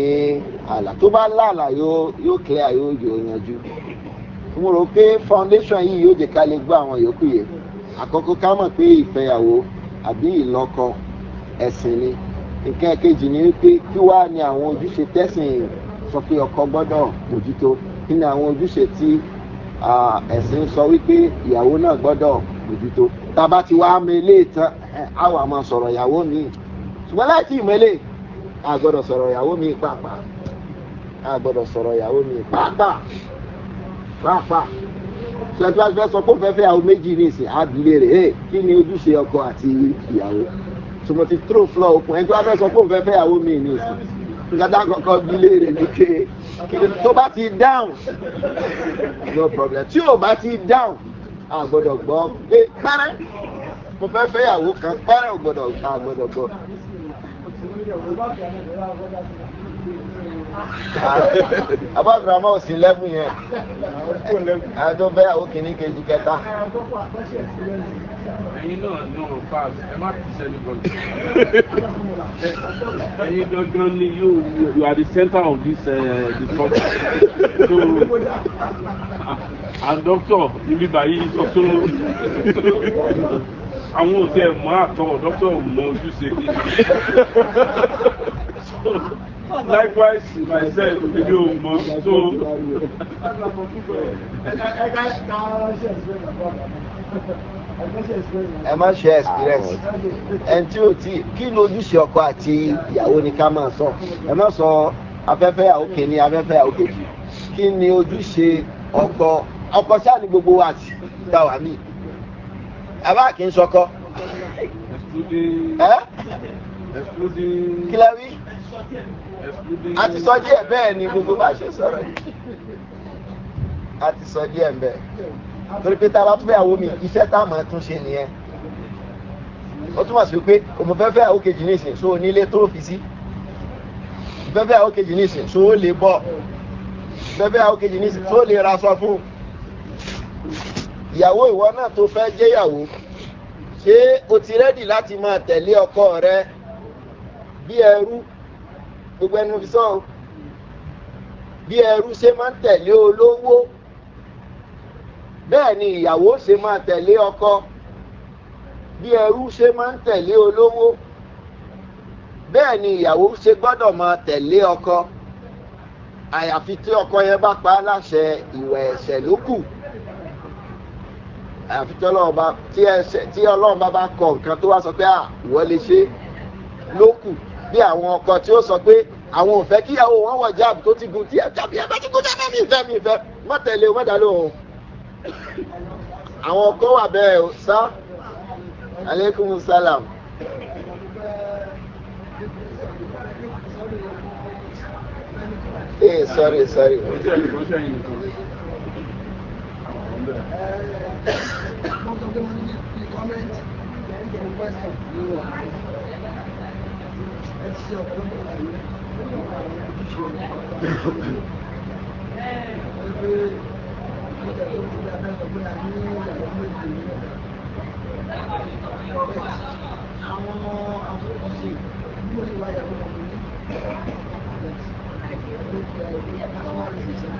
àlà tó bá láàlà yóò clear yóò yóò yanjú mo rò pé foundation yìí yóò jẹ́ ká lè gbọ́ àwọn yòókù yẹn àkọ́kọ́ ká mọ̀ pé ìfẹ́yàwó àbí ìlọ́kọ ẹ̀sìn ni nǹkan kejì ni wípé kí wá ni àwọn ojúṣe tẹ̀sìn sọ pé ọkọ gbọ́dọ̀ mójútó kí ni àwọn ojúṣe tí ẹ̀sìn sọ wípé ìyàwó náà gbọ́dọ̀ mójútó tá a bá ti wá mọ ilé ìtàn á wà máa sọ̀rọ̀ ìyàwó mi ṣùgbọ́n láti ìmọ̀lẹ́ a gbọ́dọ̀ sọ̀rọ̀ ìyàwó mi pàápàá a gbọ́dọ̀ sọ̀rọ̀ ìyàwó mi pàápàá pàápàá sọ̀tún àti fẹ́ sọ pé fẹ́fẹ́ àwọn méjì ní ìsìn àbílẹ̀ rẹ̀ ẹ̀ kí ni ojúṣe ọkọ àti ìyàwó sọmọ ti tró fúlọ̀ okùn ẹni tó bá fẹ́ sọ pé fẹ́fẹ́ àwọn mi ní ìsìn nígbàdá kọ̀ọ̀kan bílẹ̀ rẹ̀ ní ké tó bá ti dáhùn no problem tí ò bá ti dáhùn a gbọ́dọ̀ gbọ́ pé pẹ́rẹ́ mo fẹ́ fẹ́ ìyàwó kan pẹ́rẹ́ ò gbọ́dọ̀ gbọ́ abáfra máa sì lẹ́bùn yẹn àjọ bẹ́ẹ̀ àwọn kìíní kejì kẹta. ẹyin náà ní òun pass ẹ má ti sẹ́ni bọ̀dọ̀ ẹyin gangan ni you you are the center of this uh, discussion so ah, and doctor ibi bàyí sọ so àwọn òde ẹ̀mọ́ àtọ̀ dókítà ọ̀mọ ojúṣe likewise myself èmi ò mọ so. ẹ má ṣe experience ẹn tí o ti kí lójúṣe ọkọ àti ìyàwó ni ká máa sọ ẹ má sọ afẹ́fẹ́ ìyàwó kìíní afẹ́fẹ́ ìyàwó kejì kí ni ojúṣe ọkọ ọkọ sáà ni gbogbo wa ti dá wà míì àbá kì í sọkọ. kí la wí a ti sọ díẹ̀ bẹ́ẹ̀ ni gbogbo bá ṣe sọ̀rọ̀ yìí a ti sọ díẹ̀ bẹ́ẹ̀ torí pé tá a bá tún fẹ́ àwọn omi iṣẹ́ tá a máa tún ṣe nìyẹn ó túmọ̀ sí pé òun fẹ́ fẹ́ àwọn kejì nísìn so onílé tó fi sí fẹ́ fẹ́ àwọn kejì nísìn so ó lè bọ̀ fẹ́ fẹ́ àwọn kejì nísìn so ó lè ra aṣọ fún un ìyàwó ìwọ náà tó fẹ́ jẹ́yàwó ṣé o ti rẹ́dì láti máa tẹ̀lé ọkọ rẹ bí ẹrú gbogbo ẹnu fi sọ bí ẹrú ṣe máa ń tẹ̀lé olówó bẹ́ẹ̀ ni ìyàwó ṣe máa tẹ̀lé ọkọ bí ẹrú ṣe máa ń tẹ̀lé olówó bẹ́ẹ̀ ni ìyàwó ṣe gbọ́dọ̀ máa tẹ̀lé ọkọ àyàfi tí ọkọ yẹn bá pa á láṣẹ ìwẹ̀ ẹ̀ṣẹ̀ ló kù àfi tí ọlọ́run bá tí ẹsẹ̀ tí ọlọ́run bá bá kọ nǹkan tó wá sọ pé àwọn lè ṣe lókù bí àwọn ọkọ tí ó sọ pé àwọn ò fẹ́ kíyàwó wọn wọ̀ jáàb tó ti gun tí ẹ jáàb yẹn bá ti gun jáàb mi ìfẹ́ mi ìfẹ́ mọ́tẹ̀lé mọ́tẹ̀lé òun. àwọn ọkọ wà bẹ́ẹ̀ sá aleykum salam. ee eh, hey, sorry sorry. Mo sọ pé mo ní bí kọ́mẹ́ntì mo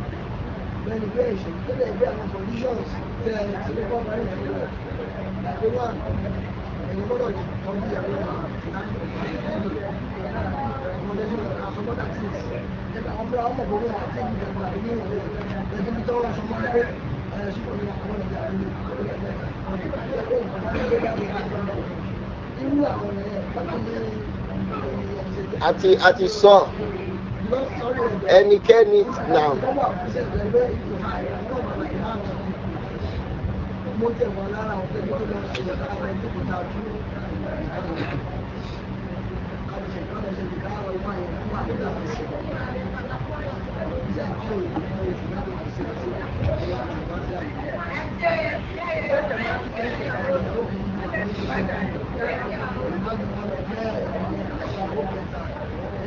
manipulation, tó lè gbé àwọn conditions tẹ àlékọ́ parí ìṣẹ̀lẹ̀ àti wà ẹ̀yìn gbọ́dọ̀ jù ọdún ìyàwó àti àti sọ ẹnikẹ́ni náà. Thank you.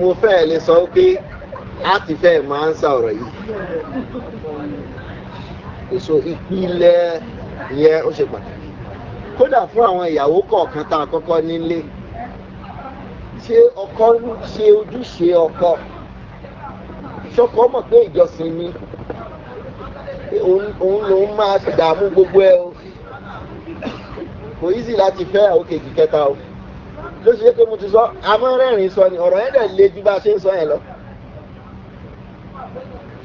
mo fẹ́ lè sọ pé a ti fẹ́ máa ń sọ̀rọ̀ yìí èso ìpìlẹ̀ yẹn ó ṣe pàtàkì kódà fún àwọn ìyàwó kọ̀ọ̀kan tá a kọ́kọ́ nílé ṣé ọkọ ṣe ojúṣe ọkọ ṣọkọ mọ̀ pé ìjọsìn ni òun lòun máa dààmú gbogbo ẹ o kò yí sí láti fẹ́ àwọn kejì kẹta o ló ṣe pé mo ti sọ àmọ́ rẹ́rìn sọ ni ọ̀rọ̀ yẹn dẹ̀ le ju bá a ṣe ń sọ yẹn lọ.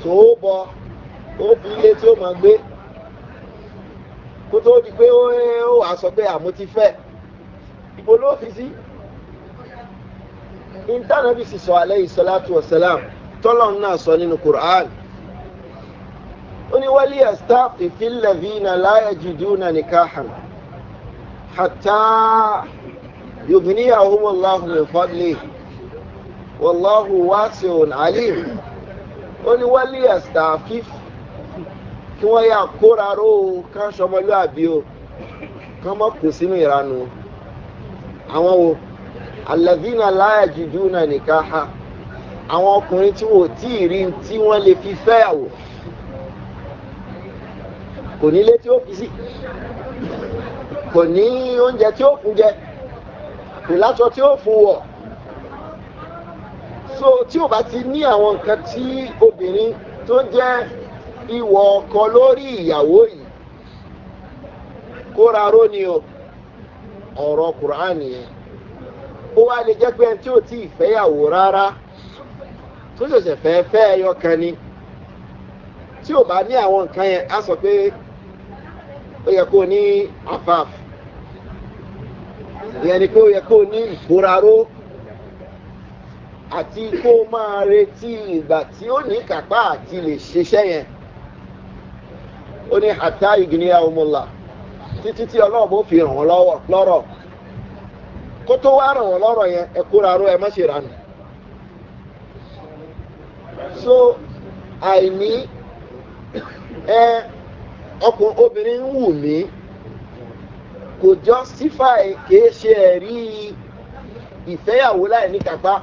tó o bọ ó fi ilé tí ó máa gbé kó tó di pé ó wàá sọ pé àmọ́ ti fẹ́ ibo ló fi sí intanabi sì sọ alẹ́ ìsọlátù ọ̀sẹ̀lám tọ́lọ̀ náà sọ nínú quran ó ní wálé ẹ̀sítá ìfìlẹ̀vínà láyé jùdú náà nìkan hàn hàtá. يغنيهم الله من فضله والله واسع عليم ó ní wálé ẹ̀sà fíf kí wọ́n yà kóra ró o ká sọmọlúàbí o ká mọ̀ kù sínú ìranu àwọn wo alẹ́bínà láyà jújú náà nìkan ha àwọn ọkùnrin tí wò tí ì tí wọ́n lè fi fẹ́yàwó kò nílé tí ó fi sí kò ní oúnjẹ tí ó kún jẹ ìlàsọ tí ó fún wọ̀ so tí ò bá ti ní àwọn nǹkan tí obìnrin tó jẹ́ ìwọ̀ ọkọ lórí ìyàwó yìí kóra ró ni o ọ̀rọ̀ kùránì yẹn ó wá lè jẹ́ pé ẹni tí ò tí ì fẹ́yàwó rárá tó ṣẹ̀ṣẹ̀ fẹ́ fẹ́ ẹyọ kan ni tí ò bá ní àwọn nǹkan yẹn á sọ pé ó yẹ kó ní afáàfù ìyẹn ni pé ó yẹ kó ní ìkóraró àti kó máa retí ìgbà tí ó ní kápá àti lè ṣiṣẹ́ yẹn ó ní àtá ìgbìnìyà ọmọlá títí tí ọlọ́ọ̀bù fi ràn wọ́n lọ́rọ̀ kó tó wá ràn wọ́n lọ́rọ̀ yẹn ẹ kóraró ẹ má ṣe rànù. so àìní ẹ ọkùnrin obìnrin ń wù mí kò justify kìí ṣe ẹ̀rí ìfẹ́yàwó láì ní kápá.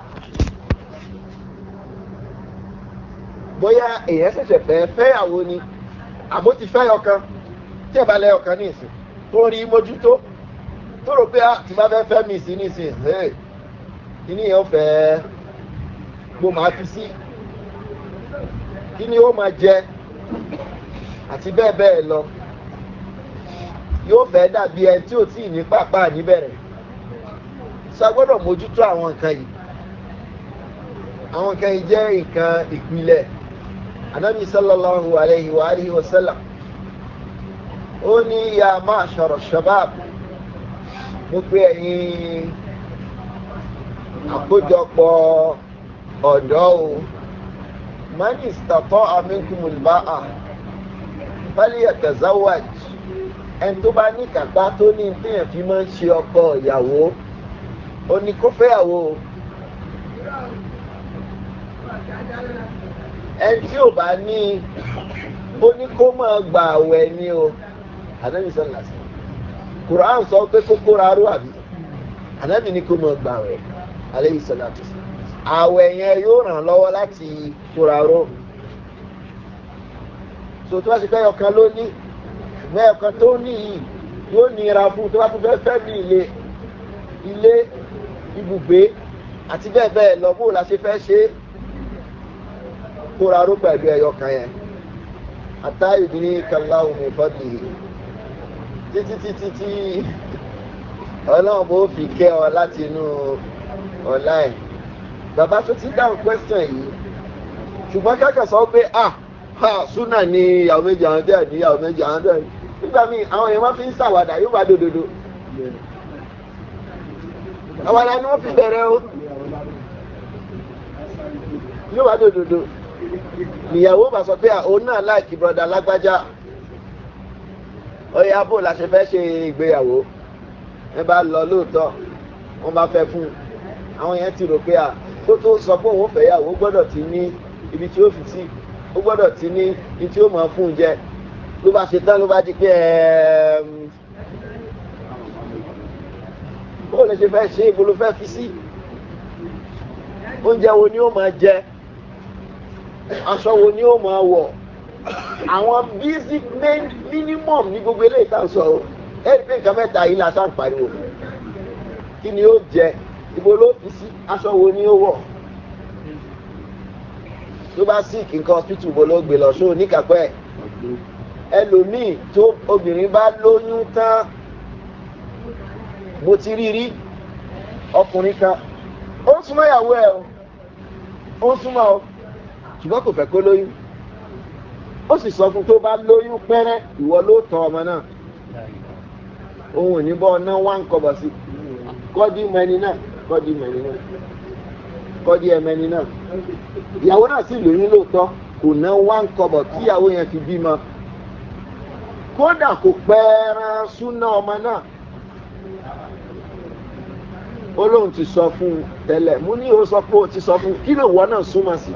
bóyá èèyàn ṣẹ̀ṣẹ̀ fẹ́ fẹ́yàwó ni àbó ti fẹ́ ọkàn tí ẹ̀ bá lẹ́ ọkàn ní ìsìn tó rí mójútó tó rò pé ah, tí bá fẹ́ fẹ́ mi sí ní ìsìn kíní yẹn ó fẹ́ mo máa fi sí kíní ó máa jẹ àti bẹ́ẹ̀ bẹ́ẹ̀ lọ yóò fẹ́ dàbí ẹni tí ò tí ì ní pàpà níbẹ̀rẹ̀ sọ gbọ́dọ̀ mójútó àwọn nǹkan yìí àwọn nǹkan yìí jẹ́ nǹkan ìpìlẹ̀ anabi sallallahu alayhi wa alihi wa sallam ó ní ya máa ṣọ̀rọ̀ shabab mo ẹ̀yin àkójọpọ̀ ọ̀dọ́ o man istatọ́ aminkumulba'a fẹ́lẹ́ yẹtẹ̀ zawaj ẹni tó bá ní kàgbá tó ní téèyàn fi máa ń ṣe ọkọ ìyàwó ó ní kó fẹ́yàwó o ẹni tí ò bá ní ó ní kó máa gbà àwẹ̀ ni o àdébí sọ̀rọ̀ lásán kùrán sọ pé kó kóra ró àbí àdébí ni kó máa gbà àwẹ̀ àdébí sọ̀rọ̀ lásán àwẹ̀ yẹn yóò ràn lọ́wọ́ láti kóra ró so tí wọ́n ti fẹ́ ọkàn lónìí ṣùgbọ́n ẹ̀kan tó níyì yóò nira fún tó bá tún fẹ́ fẹ́ ní ilé ilé ibùgbé àti bẹ́ẹ̀ bẹ́ẹ̀ lọ bó la ṣe fẹ́ ṣe kóra ró pẹ̀lú ẹyọ kan yẹn àtàyè ní kàlá omi fọ́dì títí títí tí ọlọ́run bó fi kẹ́ ọ láti inú ọ̀la ẹ̀ bàbá tó ti dáhùn question yìí ṣùgbọ́n kẹ́kẹ́ sọ pé ah ha súnà ni ìyàwó méjì àwọn bẹ́ẹ̀ ni ìyàwó méjì àwọn bẹ́ẹ̀ ni nígbà míì àwọn èèyàn máa fi ń ṣàwàdà yóò bá dòdòdò àwàdà ni wọ́n fi bẹ̀rẹ̀ o yóò bá dòdòdò nìyàwó bá sọ pé òun náà láìkì brọ̀dà lágbájá ọyẹ abó la ṣe fẹ́ ṣe ìgbéyàwó ẹ bá lọ lóòótọ́ wọ́n bá fẹ́ fún un àwọn yẹn ti rò pé à kó tó sọ pé òun fẹ́yàwó gbọ́dọ̀ ti ní ibi tí ó fi sí ó gbọ́dọ̀ ti ní ibi tí ó mọ̀ fún un jẹ ló bá ṣe tán ló bá di pé ẹ ehm, bóun lè ṣe fẹ́ ṣe ibo ló fẹ́ fi sí oúnjẹ wo ni ó máa jẹ aṣọ wo ni ó máa wọ̀ àwọn basic main minimum ní gbogbo eléyìí tá à ń sọ o ẹ̀rí pé nǹkan mẹ́ta yìí la sáà ń pariwo kí ni ó jẹ ibo ló fi sí aṣọ wo ni ó wọ̀ tó bá sick nǹkan hospital bo ló gbé lọ ṣó oníkàpẹ́ ẹ̀ ẹlòmíì tó obìnrin bá lóyún tán mo ti rí rí ọkùnrin kan ó ń súnmọ́ ìyàwó ẹ̀ o ó ń súnmọ́ o ṣùgbọ́n kò fẹ́ kó lóyún ó sì sọ fún tó bá lóyún pẹ́rẹ́ ìwọ ló tọ ọmọ náà òun ò bọ́ ọ̀nà wá ń kọbọ̀ sí kọ́dí mọ ẹni náà kọ́dí mọ ẹni náà kọ́dí ẹmọ ẹni náà ìyàwó náà sì lóyún lóòótọ́ kò ná wá ń kọbọ̀ tíyàwó yẹn fi bímọ kódà kò pẹ́ẹ́rán súná ọmọ náà ó lóun ti sọ fún un tẹ́lẹ̀ mo ní o sọ pé o ti sọ fún un kí ló wọ́n náà súnmọ́ sí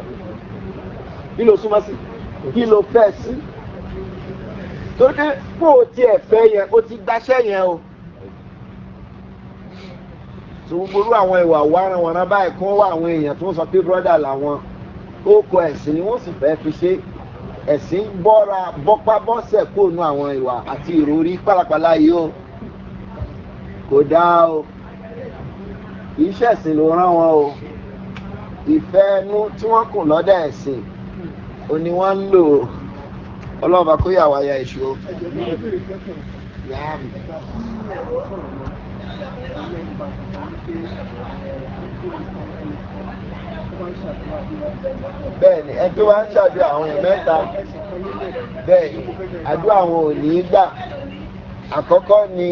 kí ló súnmọ́ sí kí ló fẹ́ sí tó dé pò tiẹ̀ fẹ́ yẹn o ti gbaṣẹ́ yẹn o tó gbogbo àwọn ìwà wáranwàrán báyìí kí wọ́n wá àwọn èèyàn tó ń sọ pé brọ́dà làwọn ó kọ ẹ̀sìn ni wọ́n sì fẹ́ fi ṣe ẹ̀sìn bọ́ra bọ́pá bọ́sẹ̀ kóònù àwọn ìwà àti ìròrí pálapàla yìí o kò dáa o iṣẹ́ ẹ̀sìn ló rán wọn o ìfẹ́ ẹnu tí wọ́n kùn lọ́dẹ̀ ẹ̀sìn o ni wọ́n ń lò ó ọlọ́ọ̀bà kó yà wáyà èṣù o. Thank bẹ́ẹ̀ni ẹni tó bá ń ṣàdúrà àwọn èèyàn mẹ́ta bẹ́ẹ̀ni àdúrà àwọn ò ní í gbà àkọ́kọ́ ni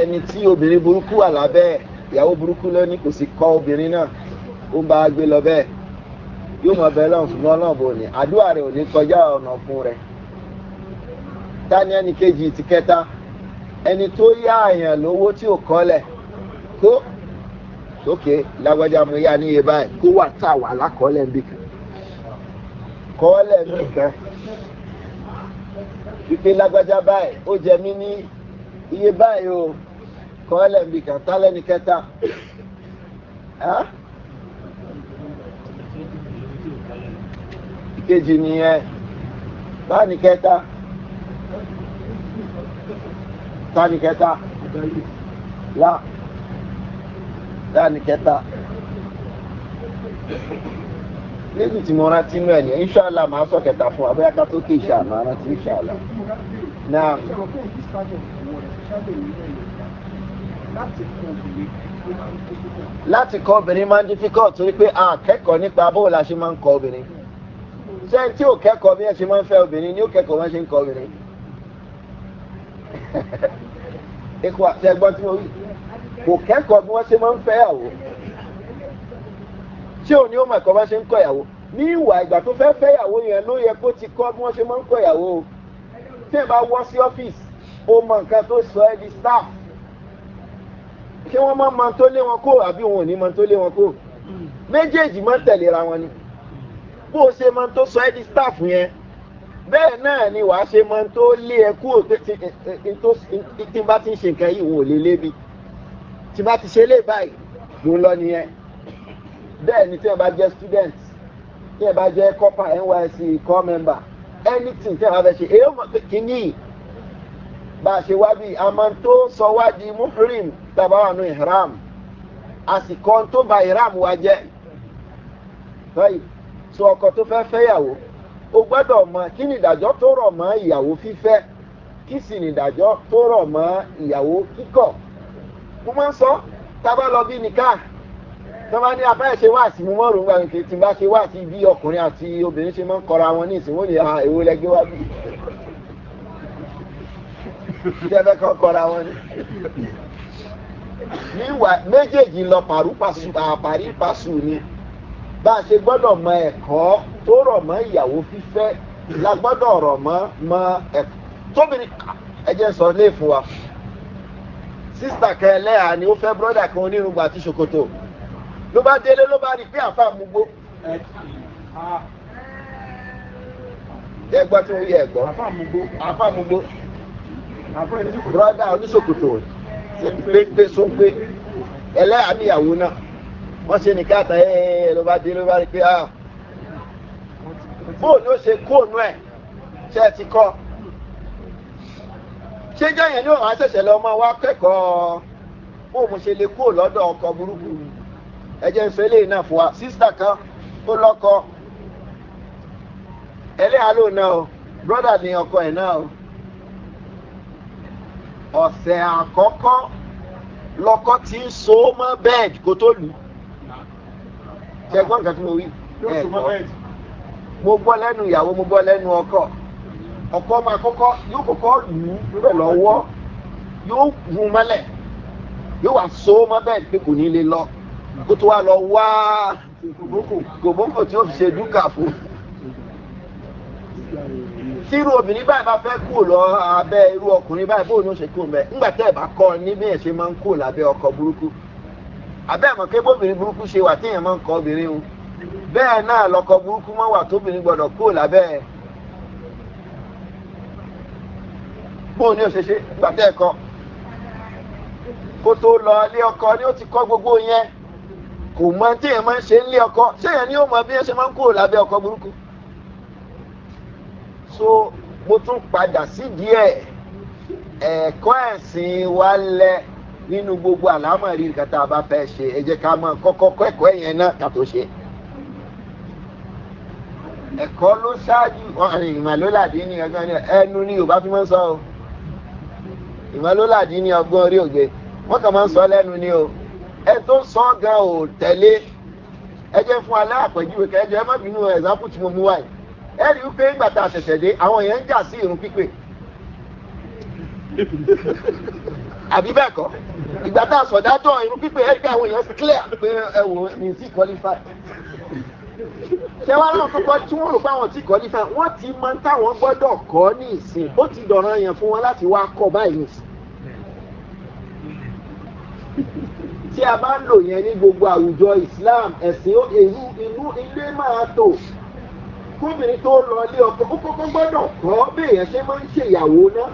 ẹni tí obìnrin burúkú wà lábẹ́ ìyàwó burúkú lónìí kò sì kọ́ obìnrin náà ó ń bá a gbé lọ bẹ́ẹ̀ yóò mọ bẹ́ẹ̀ lọ́n fún ọlọ́run bò ní àdúrà rẹ̀ ò ní kọjá ọ̀nà fún rẹ̀ tani ẹni kejì ti kẹta ẹni tó yá àyàn lówó tí ò kọ́lẹ̀ tó sókè lágbájá mo yá níye báyìí kó wà tá a wà lákọọ́lẹ̀ níbì kan kọ́ọ́lẹ̀ níbì kan wípé lágbájá báyìí ó jẹ mí ní iye báyìí o kọ́ọ́lẹ̀ níbì kan tálẹ́ni kẹta ìkejì nìyẹn tani kẹta tani kẹta la láàrin kẹta lẹ́sù tí mo rántí mú ẹ̀ ní inṣàlá máa sọ kẹta fún wa bóyá ká tó kí ìṣà máa rántí inṣàlá náà láti kọ obìnrin máa ń difficult torí pé a kẹ́kọ̀ọ́ nípa bó la ṣe máa ń kọ obìnrin ṣé tí ò kẹ́kọ̀ọ́ bí ẹ ṣe máa ń fẹ́ obìnrin ni ó kẹ́kọ̀ọ́ máa ṣe ń kọ obìnrin. ikú àti ẹgbọ́n tí mo wí kò kẹ́kọ̀ọ́ bí wọ́n ṣe máa ń fẹ́yàwó ṣé òní ó mọ̀ ẹ̀kọ́ bá ṣe ń kọ̀yàwó ní ìwà ìgbà tó fẹ́ fẹ́yàwó yẹn ló yẹ kó ti kọ́ bí wọ́n ṣe máa ń kọ̀yàwó o tí ẹ bá wọ́ sí ọ́fíìsì ó mọ nǹkan tó sọ ẹ́ di staff ṣé wọ́n máa ma tó lé wọn kó àbí wọn ò ní ma tó lé wọn kó méjèèjì máa ń tẹ̀léra wọn ni bó o ṣe máa tó sọ ẹ́ di staff yẹn bẹ́ẹ̀ náà ni wàá ṣe máa tó lé ẹ kúrò pé tí n bá ti ń ṣe nǹkan yìí wọn ò lè lébi tí bá ti ṣe lè báyìí ló ń lọ nìyẹn bẹ́ẹ̀ ni tí ẹ bá jẹ́ student tí ẹ bá jẹ́ copper nysc core member anything tí ẹ bá fẹ́ ṣe èyí mọ̀ pé kínní bá a ṣe wá bíi àmọ́ tó muhrim tàbá wà nù ihram àsìkò tó ba ihram wa jẹ́ báyìí sọ ọkọ tó fẹ́ fẹ́yàwó o gbọ́dọ̀ mọ kí ni ìdájọ́ tó rọ̀ mọ́ ìyàwó fífẹ́ kí sì ni ìdájọ́ tó rọ̀ mọ́ ìyàwó kíkọ̀ mo máa ń sọ tábà lọ bí nìkà tó bá ní afẹ́ ṣe wá sí mo mọ́ rògbà nìkè tí bá ṣe wá sí bí ọkùnrin àti obìnrin ṣe máa ń kọra wọn ní ìsìnwó ní ah, èwo lẹ́gbẹ́ wá bí ìjẹ́fẹ́ kan kọra wọn ní. níwà méjèèjì lọ pàrí pàṣù ni bá a ṣe gbọ́dọ̀ mọ ẹ̀kọ́ tó rọ̀ mọ́ ìyàwó fífẹ́ la gbọ́dọ̀ rọ̀ mọ́ mọ́ ẹ̀kọ́ tóbi ẹ̀jẹ̀ sọ lé fún wa sísà kan ẹlẹ́yà ni ó fẹ́ bírọ́dà kan onírúgbà àti ṣòkòtò ló bá délé ló bá rí pé àfa mugbó. ẹgbọ́n tí mo yẹ ẹ̀gbọ́n àfa mugbó bírọ́dà oníṣòkòtò pé so pé ẹlẹ́yà níyàwó náà wọ́n ṣe nìkan àtà ẹ̀ ló bá délé ló bá rí pé ah. bóun ló ṣe kóònù ẹ̀ ṣe ti kọ́ ṣéjọ́ yẹn ní òun àṣẹ̀ṣẹ̀ lọ máa wá kẹ́kọ̀ọ́ bó mo ṣe lè kúrò lọ́dọ̀ ọkọ̀ burúkú ẹ̀jẹ̀ ń fẹ́lẹ̀ náà fún wa sísítà kan tó lọ́kọ ẹlẹ́yà ló náà o brọ́dà ní ọkọ ẹ̀ náà o ọ̀sẹ̀ àkọ́kọ́ lọ́kọ́ ti ń so mọ́ bẹ́ẹ̀d kó tó lù ṣẹ́gbọ́n nǹkan tí mo wí mo gbọ́ lẹ́nu ìyàwó mo gbọ́ lẹ́nu ọkọ̀ ọ̀pọ̀ ọmọ àkọ́kọ́ yóò kọ́kọ́ lù ú pẹ̀lú ọwọ́ yóò hun mọ́lẹ̀ yóò wà so mọ́ bẹ́ẹ̀ pé kò ní lè lọ kó tó wá lọ wá gòbókò tí ó fi ṣe dúkà fún. tí irú obìnrin báyìí bá fẹ́ kú lọ abẹ́ irú ọkùnrin báyìí bóun ló ṣe kú mẹ́ ńgbà tẹ́ ẹ̀ bá kọ́ ní bí èsì máa ń kú lábẹ́ ọkọ̀ burúkú abẹ́ àmọ́ pé bóbìnrin burúkú ṣe wà téèyàn máa ń kọ́ obìnrin o bẹ́ẹ̀ náà lọkọ̀ burúkú máa wà tóbìnrin gbọ́dọ̀ kú lábẹ́ ẹ̀ bóun ni ó ṣe ṣe gbàtẹ́ ẹ̀kọ́ kó tó lọ ilé ọkọ ni ó ti kọ́ gbogbo yẹn kò mọ tí èèyàn máa ń ṣe nílé ọkọ ṣéèyàn ni ó mọ bí ẹ ṣe máa ń kúrò lábẹ́ ọkọ burúkú so mo tún padà sí díẹ̀ ẹ̀kọ́ ẹ̀sìn wa lẹ nínú gbogbo àlámọ̀rí nǹkan tá a bá fẹ́ ṣe ẹ jẹ́ ká máa kọ́kọ́ kọ́ ẹ̀kọ́ yẹn náà ká tó ṣe ẹ̀kọ́ ló ṣáájú ìmọ̀lólàdí ni ẹnu ni yorùbá fi máa ń sọ ọ́ ìmọ̀ ló làdí ní ọgbọ́n orí ògbé wọ́n kàn máa ń sọ lẹ́nu ni o ẹ tó ń sọ gan ò tẹ̀lé ẹ jẹ́ fún alẹ́ àpèjúwe kẹjọ ẹ má bínú ẹ̀zápù tí mo mú wáyé ẹ rí i pé ń gbàtà àṣẹ̀ṣẹ̀ dé àwọn èèyàn ń jà sí irun pípé àbí bẹ́ẹ̀ kọ́ ìgbà tá a sọ̀dá tọ̀ irun pípé ẹ rí i pé àwọn èèyàn clear pé ẹ wò ní sí qualified ṣé wàá lóun tó kọ́ tí wọ́n rò pé àwọn ti kọ́ ní fún wọn ti máa ń táwọn gbọ́dọ̀ kọ́ ní ìsìn ó ti dọ̀ràn yẹn fún wọn láti wá kọ́ báyìí nìsín. tí a bá ń lò yẹn ní gbogbo àwùjọ islam ẹ̀sìn èyí inú ilé máa tò kóbìnrin tó lọ ilé ọkọ ó kọ́kọ́ gbọ́dọ̀ kọ́ béèyàn ṣe máa ń ṣèyàwó náà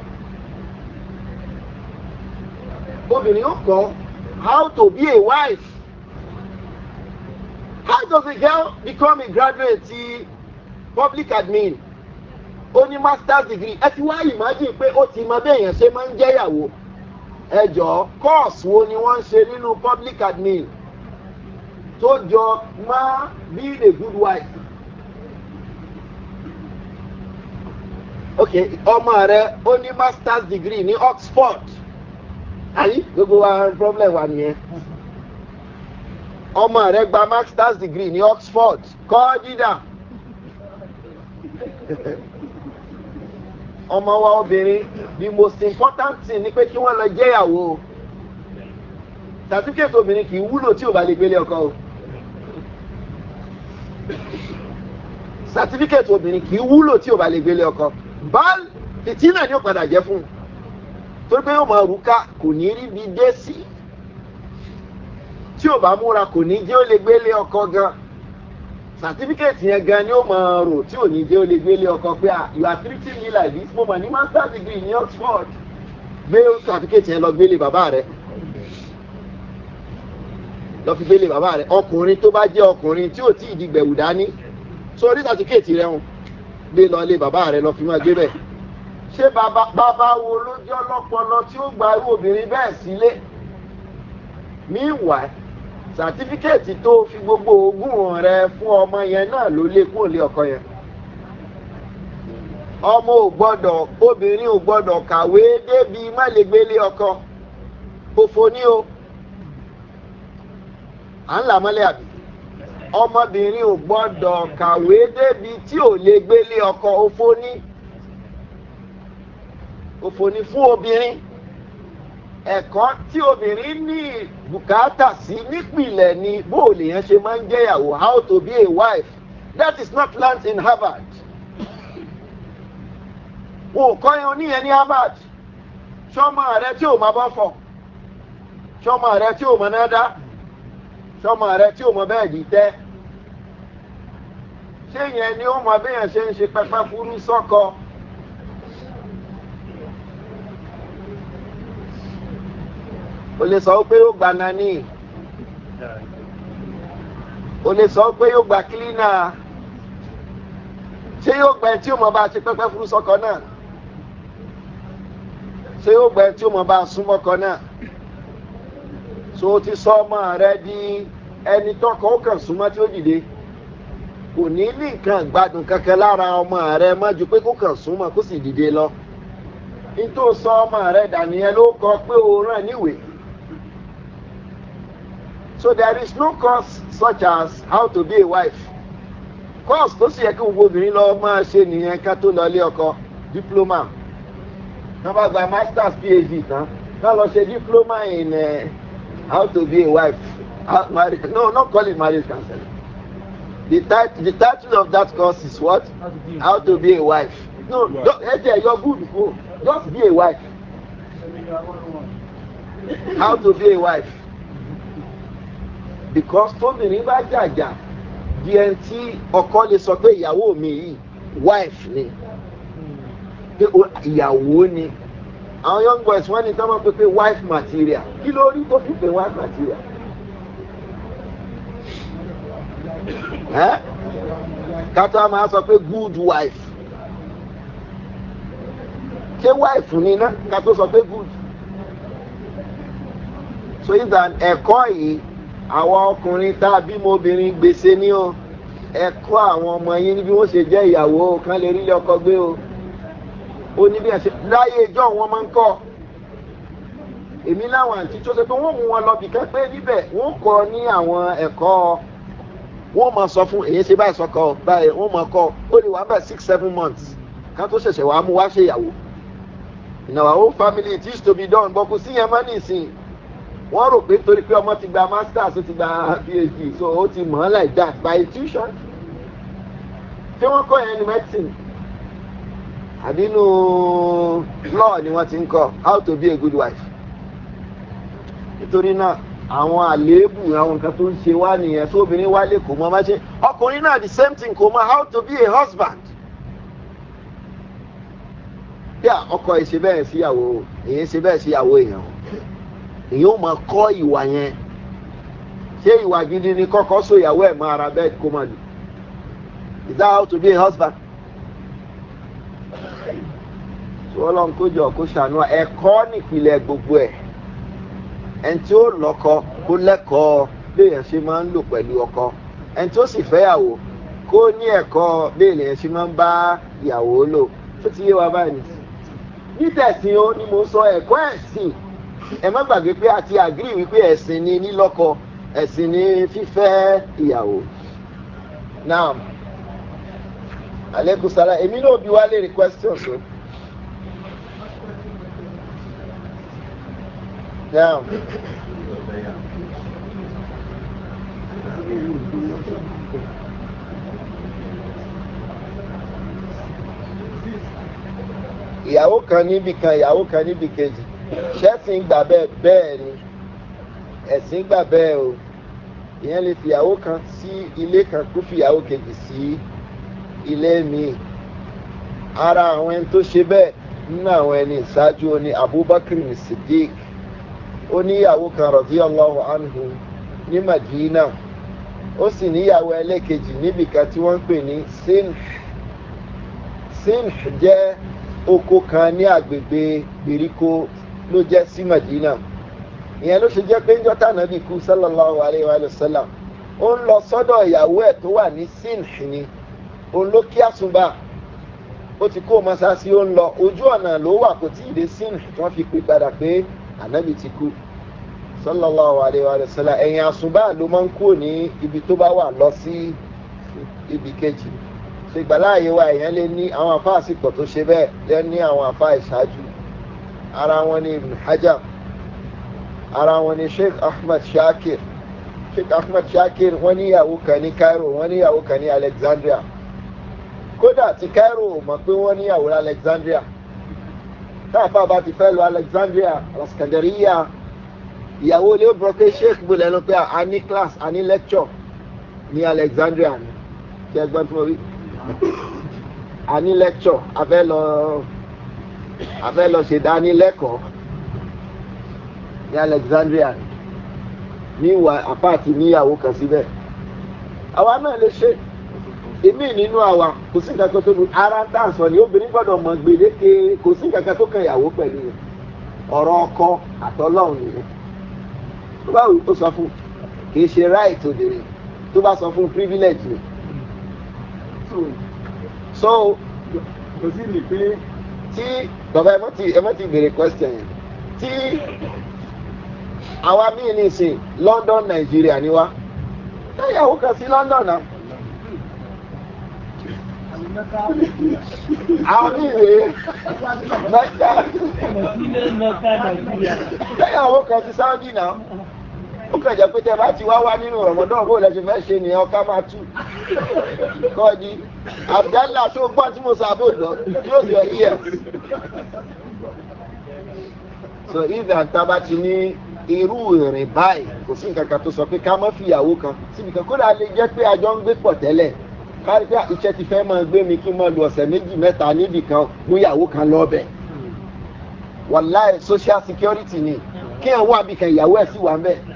obìnrin ó kọ́ how to be a wife. How does a girl become a graduate public admin? Ó ní master's degree. Ẹ ti wá imagine pé ó ti mọ bẹ́ẹ̀ yẹn ṣe máa ń jẹ́yàwó. Ẹ jọ course wo ni wọ́n ń ṣe nínú public admin tó jọ má be the good wife. Okay, ọmọ rẹ ó ní master's degree ní oxford ayi gbogbo wa problem wa nìyẹn ọmọ rẹ gba masters degree ní oxford kọ́ dídà ọmọ wa obìnrin the most important thing ni pé kí wọ́n lọ jẹ́yàwó certificate obìnrin kì í wúlò tí ò bá lè gbélé ọkọ o certificate obìnrin kì í wúlò tí ò bá lè gbélé ọkọ bal fìtínà ni o padà jẹ́ fún un torí pé ó máa rúkà kò ní rí bí dé sí i tí ò bá múra kò ní jẹ́ ó lè gbélé ọkọ gan sàtífíkẹ̀tì yẹn gan ni ó máa rò tí ò ní jẹ́ ó lè gbélé ọkọ pé à ah, you are treating me like this mo mà ní master degree ní oxford gbé sàtífíkẹ̀tì yẹn lọ gbélé bàbá rẹ lọ fi gbélé bàbá rẹ ọkùnrin tó bá jẹ́ ọkùnrin tí ò tí ì di gbẹ̀wù dání sórí sàtífíkẹ̀tì rẹ hùn gbé lọ lé bàbá rẹ lọ fi máa gbé bẹ́ẹ̀ ṣé bàbá wo ló jẹ́ ọlọ́pọlọ tí ó gba irú obìnrin bẹ́ẹ̀ sílé meanwhile sàtífíkẹ́ẹ̀tì tó fi gbogbo ogún rẹ fún ọmọ yẹn náà ló lé kúrò lé ọkọ yẹn ọmọbìnrin ò kàwé débi tí ò lè gbélé ọkọ òfò ní fún obìnrin. ẹ̀kọ́ tí obìnrin ní bùkátà sí nípìnlẹ̀ ni bó o lè yẹn ṣe máa ń jẹ́yàwó how to be a wife that is not learnt in harvard wọn ò kọ́ yẹn oníyẹn ní harvard ṣọ́mọ rẹ tí ò máa bọ́ fọ̀ ṣọ́mọ rẹ tí ò máa ná dá ṣọ́mọ rẹ tí ò máa bẹ́ẹ̀ dì tẹ́ ṣé yẹn ni ó máa bẹ́yẹn ṣe ń ṣe pẹpẹ fúrú sọ́kọ. So o lè sọ pé yóò gba nani o lè sọ pé yóò gba kílínà ṣé yóò gba ẹ tí o mọ bá ṣe pẹpẹ fún sọkọ náà ṣé yóò gba ẹ tí o mọ bá súnmọ kan náà so o ti sọ ọmọ rẹ di ẹni tọkọ ó kàn súnmọ tí ó dìde kò ní ní nǹkan gbádùn kankan lára ọmọ rẹ má ju pé kó kàn súnmọ kó sì dìde lọ nítorí ọmọ rẹ dàníyẹn ló kọ pé o rán níwèé. So there is no course such as how to be a wife. Course tó sì yẹ kí gbogbo obìnrin lọ máa ṣe nìyẹn ká tó lọ ilé ọkọ diploma. Wọ́n bá gba masters PhD tán. Wọ́n lọ ṣe diploma in uh, how to be a wife. How, marriage, no, not call it marriage counseling. The, tit the title of that course is what? How to be a wife. No, Ejẹ, you're good. Just be a wife. How to be a wife because tóbìnrin bá jàjà di ẹni tí ọkọ lè sọ pé ìyàwó mi yìí wife ni pé ìyàwó ni àwọn young boys wọ́n ní tí wọ́n máa pè pé wife material kí ló rí tó fi pé wife material. kátó máa sọ pé good wife ṣé wife ni ná kátó sọ pé good so ìgbà ẹ̀kọ́ yìí àwa ọkùnrin tá a bímọ obìnrin gbèsè ní o ẹ kọ́ àwọn ọmọ yín ní bí wọ́n ṣe jẹ́ ìyàwó kan lè rílé ọkọ gbé o ó ní bí ẹ ṣe láyé ìjọ wọn máa ń kọ́ èmi láwọn àǹtí tó ṣe pé wọ́n mú wọn lọ bìkan pé níbẹ̀ wọ́n kọ́ ní àwọn ẹ̀kọ́ wọ́n máa sọ fún èyí ṣe báyìí sọkọ báyìí wọ́n máa kọ́ ó lè wá bẹ̀ six seven months kan tó ṣẹ̀ṣẹ̀ wàá mú wá ṣèyàwó ìnáwó family it is to be done bọ́kú sí yẹn má nìsín wọ́n rò pé torí pé ọmọ ti gba masters ó ti gba phd so ó ti mọ̀ ọ́ like that by tuition tí wọ́n kọ́ yẹn ní medicine àbí inú law ni wọ́n ti ń kọ́ how to be a good wife nítorí náà àwọn àléébù àwọn nǹkan tó ń ṣe wá nìyẹn tó obìnrin wálé kò mọ bá ṣe ọkùnrin náà the same thing kò mọ how to be a husband bí ọkọ ìṣe bẹ́ẹ̀ síyàwó èyí ṣe bẹ́ẹ̀ síyàwó èèyàn o èyí ó máa kọ́ ìwà yẹn ṣé ìwà gidi ni kọ́kọ́ so ìyàwó ẹ̀ máa ra bẹ́ẹ̀ kó máa lò is that how to be a husband So wọ́n lọ ń kójọ kó ṣàánú ẹ̀kọ́ nípìnlẹ̀ gbogbo ẹ̀ ẹni tí ó lọ́kọ kó lẹ́kọ̀ọ́ béèyàn ṣe máa ń lò pẹ̀lú ọkọ ẹni tó sì fẹ́yàwó kó ní ẹ̀kọ́ béèyàn ṣe máa ń bá ìyàwó lò tó ti yé wa báyìí nítẹ̀sìn ó ní mo sọ ẹ̀kọ́ ẹ̀sìn ẹ má gbàgbé pé àti àgírí wípé ẹ̀sìn ni nílọ́kọ ẹ̀sìn ni fífẹ́ ìyàwó now alekun sara èmi náà bí wá léèrè questions o. Now. ìyàwó kan níbì kan ìyàwó kan níbì kejì ṣẹ́sìn gbà bẹ́ẹ̀ bẹ́ẹ̀ ni ẹ̀sìn gbà bẹ́ẹ̀ o ìyẹn lè fìyàwó kan sí ilé kan kó fìyàwó kejì sí ilé míì ara àwọn ẹni tó ṣe bẹ́ẹ̀ nínú àwọn ẹni ìṣáájú oní abubakar sidik oníyàwó kan rọ̀bí ọlọ́run anhu ní madina ó sì níyàwó ẹlẹ́kejì níbìkan tí wọ́n ń pè ní sinf sinf jẹ́ oko kan ní agbègbè gbèríko ló jẹ́ sí madina ìyẹn ló ṣe jẹ́ pé njọ́ nàbí kú sallallahu alayhi wa sallam ó ń lọ sọ́dọ̀ ìyàwó ẹ̀ tó wà ní sinhi ni òun ló kí àsùnbà ó ti kó mọ́sáàsì ó ń lọ ojú ọ̀nà ló wà kò tí ì dé sinhi tí wọ́n fi pè padà pé ànábì ti kú sallallahu alayhi wa sallam ẹ̀yìn àsùnbà ló máa ń kú ní ibi tó bá wà lọ sí ibi kejì ṣègbàláàyè wa èèyàn lè ní àwọn àfáà sì pọ̀ tó ṣe bẹ́ẹ̀ lẹ́ni àwọn àfáà ìṣáájú ara wọn ni ibn hajar ara wọn ni sheikh ahmed shakir sheikh ahmed shakir wọn níyàwó kan ní cairo wọn níyàwó kan ní alexandria kódà ti cairo mọ̀ pé wọ́n níyàwó alexandria táàfà bá ti fẹ́ lọ alexandria alexandria ìyàwó ilé obìnrin pé sheikh gbọ́dọ̀ ẹnu pé a ní class a ní lecture ní alexandria ni kí ẹgbẹ́ tí mo rí a ní lecture a fẹ́ lọ a fẹ́ lọ ṣe dánilẹ́kọ̀ọ́ ní alexandria ní ìwà àpáàtì níyàwó kan síbẹ̀ àwa náà lè ṣe èmi nínú àwa kò sí nǹkan kan tó dùn ara ń tàn sọ ni obìnrin gbọ́dọ̀ mọ gbèdéke kò sí nǹkan kan tó kan ìyàwó pẹ̀lú rẹ̀ ọ̀rọ̀ ọkọ àtọ́lọ́run nìyẹn tó bá wù ó sọ fún kì í ṣe right obìnrin tó bá sọ fún privilege rẹ̀ so. so kò sí ní pé tí bàbá ẹ má ti ẹ má ti béèrè question yẹn tí àwa míì ní ìsìn london Nigeria. ni wá táyàwó kan sí london náà àwọn míì rèé mẹ́ta táyàwó kan sí saudi náà ó kàn jẹ́ pé tẹ́ bá ti wá wá nínú rọ̀mọ́dọ́ bó lẹ́sẹ̀ fẹ́ ṣe ni ọkà máa tú kọ́ ni abdalla tó gbọ́ tí mo sọ abóòdọ́ close your ears so if ta bá ti ní irú ìrìn báyìí kò sí nǹkan kan tó sọ pé ká mọ́ fìyàwó kan síbi kan kódà lè jẹ́ pé àjọ ń gbé pọ̀ tẹ́lẹ̀ kárí pé iṣẹ́ ti fẹ́ máa gbé mi kí n máa lu ọ̀sẹ̀ méjì mẹ́ta níbì kan múyàwó kan lọ́ọ̀bẹ̀ wàláì social security ni kí ẹ̀ wá bìkan ìyàwó ẹ̀ sì wà ń bẹ́ẹ̀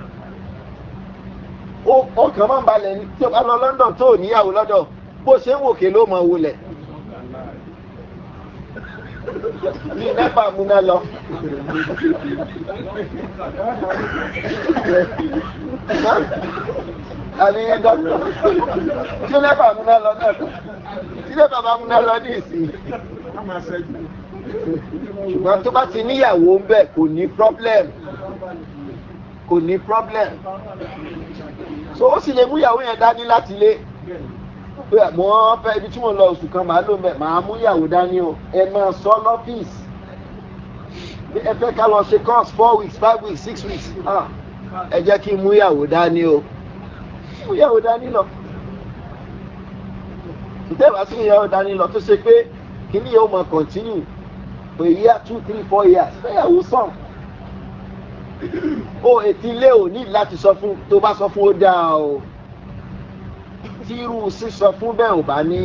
ọkàn máa ń balẹ̀ ní tí o bá lọ london tó níyàwó lọ́dọ̀ bó ṣe ń wòkè ló mọ wulẹ̀ bí nẹ́pà múná lọ. àní dọ́kítọ̀ tí nẹ́pà múná lọ náà tí nẹ́pà bá múná lọ ní ìsìn ṣùgbọ́n tó bá ti níyàwó ń bẹ̀ kò ní problem kò ní problem so ó sì lè mú ìyàwó yẹn dání láti ilé pé mo fẹ́ ibi tí mo lọ oṣù kan màá lò mẹ́ màá mú ìyàwó dání o ẹ máa sọ lọ́fíìsì ẹ fẹ́ ká lọ ṣe course four weeks five weeks six weeks ẹ jẹ́ kí n mú ìyàwó dání o mú ìyàwó dání lọ ìtẹ́wàá sí ìyàwó dání lọ tó ṣe pé kí ni yóò mọ continue for a year two three four years fẹ́yàwó sàn o ètí ilé ò ní láti sọ fún tó bá sọ fún ó dáa o tírú sísọ fún bẹ́ẹ̀ ò bá ní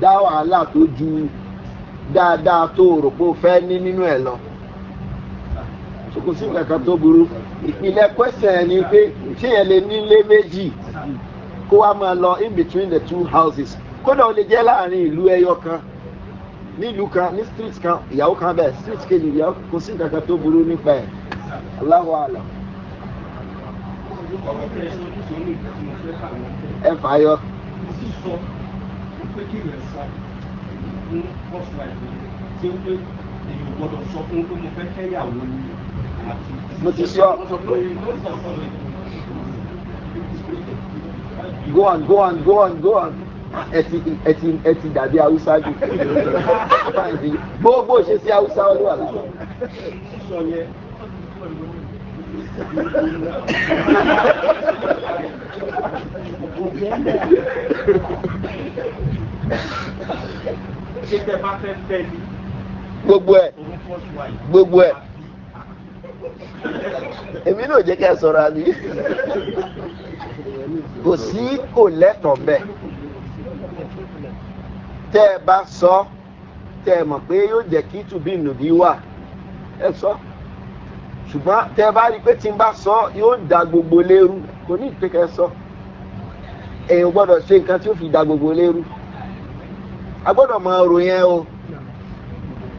dá wàhálà tó ju dáadáa tó rò pé o fẹ́ ní nínú ẹ̀ lọ kò sí kankan tó burú ìpìlẹ̀ kwẹ́sẹ̀ ni pé ṣé yẹn lè nílé méjì kó wá máa lọ in between the two houses kódà ó lè jẹ́ láàrin ìlú ẹyọ kan nílùú kan ní street kan ìyàwó kan bẹ́ẹ̀ street kejì ìyàwó kò sí nǹkan kan tó burú nípa ẹ̀ aláwọ̀ àlọ́. ẹ fàáyọ. mo ti sọ. go on go on go on go on ẹtì ẹtì ẹtì dàbí haúsá jù gbogbo ṣe sí haúsá ọlọ́wà lára gbogbo ẹ gbogbo ẹ èmi náà jẹ́ kẹ́ ẹ sọ̀rọ̀ àbí kò sí kò lẹ́tọ̀ọ́ bẹ́ẹ̀ tẹ́ ẹ bá sọ tẹ́ ẹ mọ̀ pé yóò jẹ́ kí tùbí nùbí wà ẹ sọ ṣùgbọ́n tẹ́ ẹ bá rí i pé tí n bá sọ yóò da gbogbo lérú kò ní ìpínkẹ́ sọ èèyàn gbọ́dọ̀ ṣe nǹkan tí ó fi da gbogbo lérú a gbọ́dọ̀ mọ ọrọ̀ yẹn o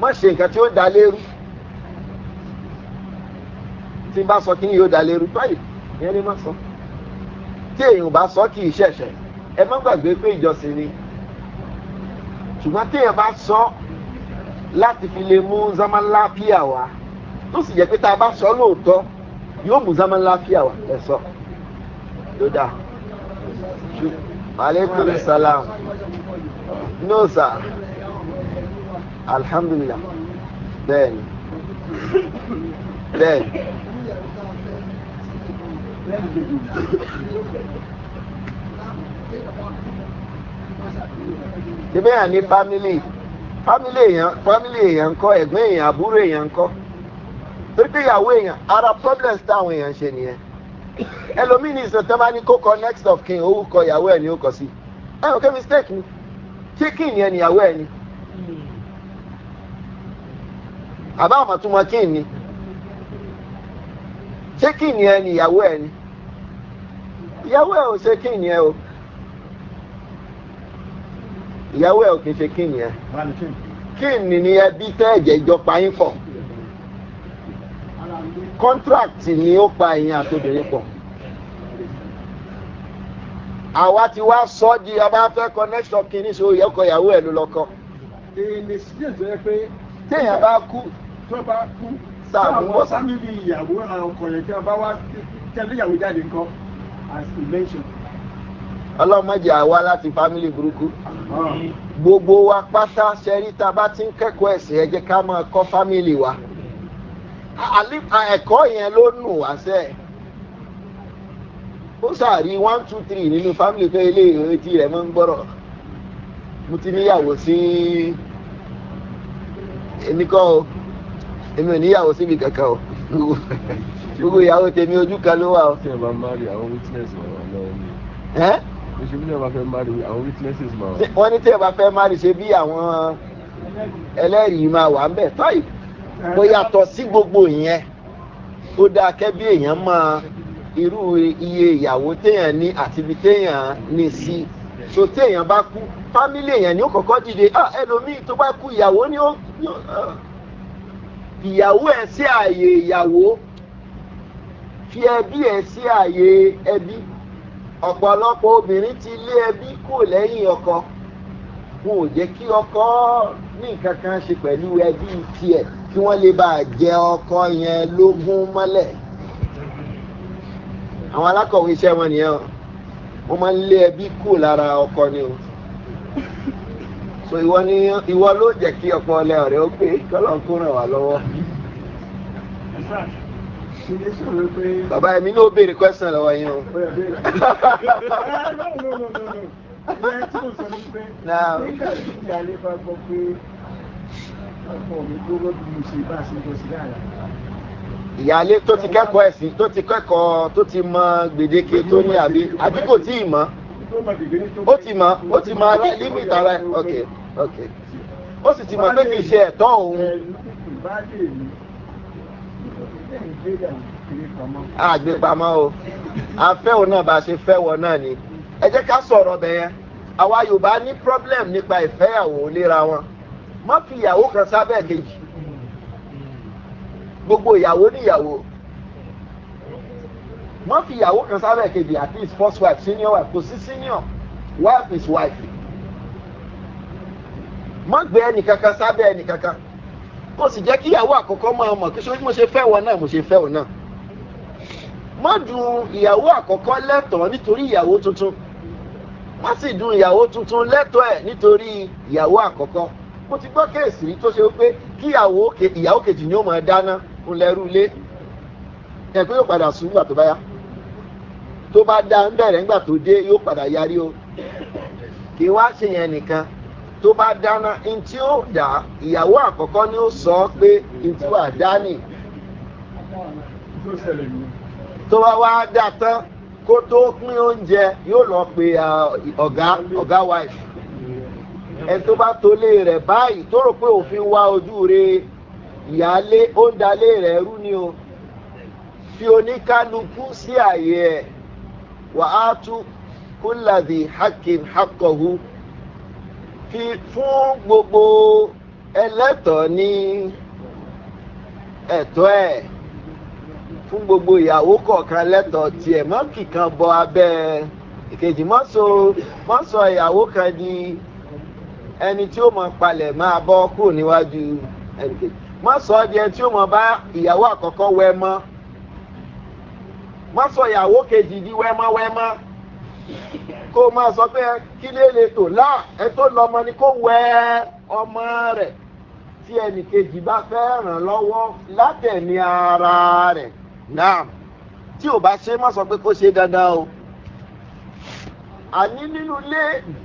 má ṣe nǹkan tí ó da lérú tí n bá sọ kí n yóò da lérú báyìí ìyẹn lè má sọ tí èèyàn bá sọ kì í ṣẹ̀ṣẹ̀ ẹ má gbàgbé pé ìjọsìn ni ṣùgbọ́n téèyàn bá sọ láti fi lè mú zamanláfíà wá tó sì jẹ́ pé tá a bá sọ lóòótọ́ yóò mú zamanláfíà wá ẹ̀ sọ tó dáa aleykum salaam no sir alhamdulilah bẹ́ẹ̀ni bẹ́ẹ̀ni ṣebí yàn ní Family, family, èèyàn fámílì èèyàn ńkọ ẹ̀gbọ́n èèyàn àbúrò èèyàn ńkọ torí ìyàwó èèyàn ara problems táwọn èèyàn ṣe nìyẹn ẹlòmíì ní ìsìn tó bá ní kó kọ next of kin owó kọ ìyàwó ẹ̀ ní ó kọ sí ẹ ò kẹ́ mistake ni chicken yẹn níyàwó ẹ̀ ni àbá àmọ̀túnmọ̀ kin ni chicken yẹn níyàwó ẹ̀ ni ìyàwó ẹ̀ ò ṣe kin yẹn o ìyàwó ẹ̀ ò kì í ṣe kíni ẹ̀ kíni ni ẹ bí tẹ́ ẹ̀jẹ̀ ìjọpa yín pọ̀ contract ni ó pa ẹ̀yìn àtòbìnrin pọ̀ àwa ti wá sọ di ọba fẹ́ connection kíní so ìyọkọ ìyàwó ẹ̀ ló lọ́kọ. èlé sílẹ̀ tó yẹ pé téèyàn bá kú tó bá kú sáàmù sáàmù bí ìyàwó ọkọ yẹn tí wọn bá wá tẹlẹ ìyàwó jáde nǹkan as he mentioned ọlọ́mọdé àwa láti family burúkú gbogbo wa pátá ṣẹ́rí tá a bá ti ń kẹ́kọ̀ọ́ ẹ̀sìn ẹ̀jẹ̀ ká máa kọ́ fámílì wa ẹ̀kọ́ yẹn ló nù wá sẹ́ ó sàrí one two three nínú family tó ilé ìrètí rẹ̀ máa ń gbọ́rọ̀ mo ti níyàwó sí èmi kọ́ o èmi ò níyàwó síbi kankan o gbogbo ìyàwó tèmi ojú kan ló wà o. tí ẹ bá ń bá rí àwọn witness wà lọ́wọ́ mi ṣe bí ìyàwó fẹ́ mari àwọn witnesses ma. wọ́n ní tí ìyàwó fẹ́ mari ṣe bí àwọn ẹlẹ́rìí máa wà ń bẹ̀ tọ́yì kó yàtọ̀ sí gbogbo ìyẹn ó dáa kẹ́bí èèyàn máa irú iye ìyàwó téèyàn ní àti ibi téèyàn ní sí so téèyàn bá kú fámílì èèyàn ni ó kọ́kọ́ dìde ah ẹlòmíì tó bá kú ìyàwó ni ó ìyàwó ẹ̀ sí ààyè ìyàwó fi ẹbí ẹ̀ sí ààyè ẹbí ọ̀pọ̀lọpọ̀ obìnrin ti lé ẹbí kò lẹ́yìn ọkọ wọn ò jẹ́ kí ọkọ ní nǹkan kan ṣe pẹ̀lú ẹbí tiẹ̀ kí wọ́n lè bá jẹ ọkọ yẹn lógún mọ́lẹ̀ àwọn alákọ̀wé iṣẹ́ wọn nìyẹn o wọ́n máa ń lé ẹbí kò lára ọkọ ni o so ìwọ ni ìwọ ló jẹ́ kí ọkọ ọ̀rẹ́ ó pé kọ́lọ̀ ràn wá lọ́wọ́ bàbá ẹ̀mí ní ó béèrè question lọ́wọ́ yín o. ìyá tí mo sọ ní pé nígbà tí ìyá lè bá gbọ́ pé ọmọ mi gbogbo bí mo ṣe bá ṣe bọ̀ sí dára ìyáálé tó ti kẹ́kọ̀ọ́ ẹ̀sìn tó ti kẹ́kọ̀ọ́ tó ti mọ gbèdéke tó ní àbí àbí kò tí ì mọ́ ó ti mọ́ ó ti mọ́ alẹ́ nínú ìtara ok ok ó sì ti mọ̀ pé kì í ṣe ẹ̀tọ́ òun àgbè pamọ́ o àfẹ́wò náà bá ṣe fẹ́wò náà ni ẹ jẹ́ ká sọ̀rọ̀ bẹ̀ yẹn àwa yorùbá ní problem nípa ìfẹ́yàwó léra wọn má fi ìyàwó kan sábẹ́ kejì gbogbo ìyàwó níyàwó má fi ìyàwó kan sábẹ́ kejì at least first wife senior wife kò sí senior wife is wife má gbé ẹnì kankan sábẹ́ ẹnì kankan. mo sì jẹ́ kí ìyàwó àkọ́kọ́ máa mọ̀ kí sọ́jú mo ṣe fẹ́ wọn náà mo ṣe fẹ́ wọn náà má dùn ìyàwó àkọ́kọ́ lẹ́tọ̀ọ́ nítorí ìyàwó tuntun má sì dùn ìyàwó tuntun lẹ́tọ̀ọ́ ẹ̀ nítorí ìyàwó àkọ́kọ́ mo ti gbọ́ kéèsì tó ṣe pé kí ìyàwó kejì ni ó máa dáná ńlẹ́rú ilé ẹ̀ pé yóò padà sùn nígbà tó bá yá tó bá dá ń bẹ̀rẹ̀ nígbà tó dé yóò padà yarí o kì í wá ṣe nìkan tó bá dáná ntí ó dà ìyàwó àkọ́kọ́ ni ó sọ pé ntí wà dání tó bá wá dà tán kó tó pín oúnjẹ yóò lọ pe ọ̀gá ọ̀gá wife ẹ tó bá tolé rẹ̀ báyìí tó rò pé òfin wá ojú re ìyáálé ó ń rẹ̀ rú ni o fi oníkálukú sí àyè ẹ̀ wàá tún kúlàdì hakim hakọ̀hu. fi fún gbogbo ẹlẹ́tọ̀ ní ẹ̀tọ́ ẹ̀ fún gbogbo ìyàwó kọ̀ọ̀kan lẹ́tọ̀ tiẹ̀ mọ́ kìkan bọ abẹ́ ìkejì mọ́ sọ ìyàwó kan di ẹni tí ó mọ̀ palẹ̀ máa bọ́ kúrò níwájú mọ́ sọ di ẹni tí ó mọ̀ bá ìyàwó àkọ́kọ́ wẹ mọ́ mọ́ sọ ìyàwó kejì di wẹ́mọ́wẹ́mọ́ kó o máa sọ pé kí lè lè tò láà ẹ tó lọmọ ni kó wẹ ọmọ rẹ̀ tí ẹnìkejì bá fẹ́ ràn lọ́wọ́ látẹ̀mí ara rẹ̀ náà tí ò bá ṣe má sọ pé kó ṣe dandan o àní nínú ilé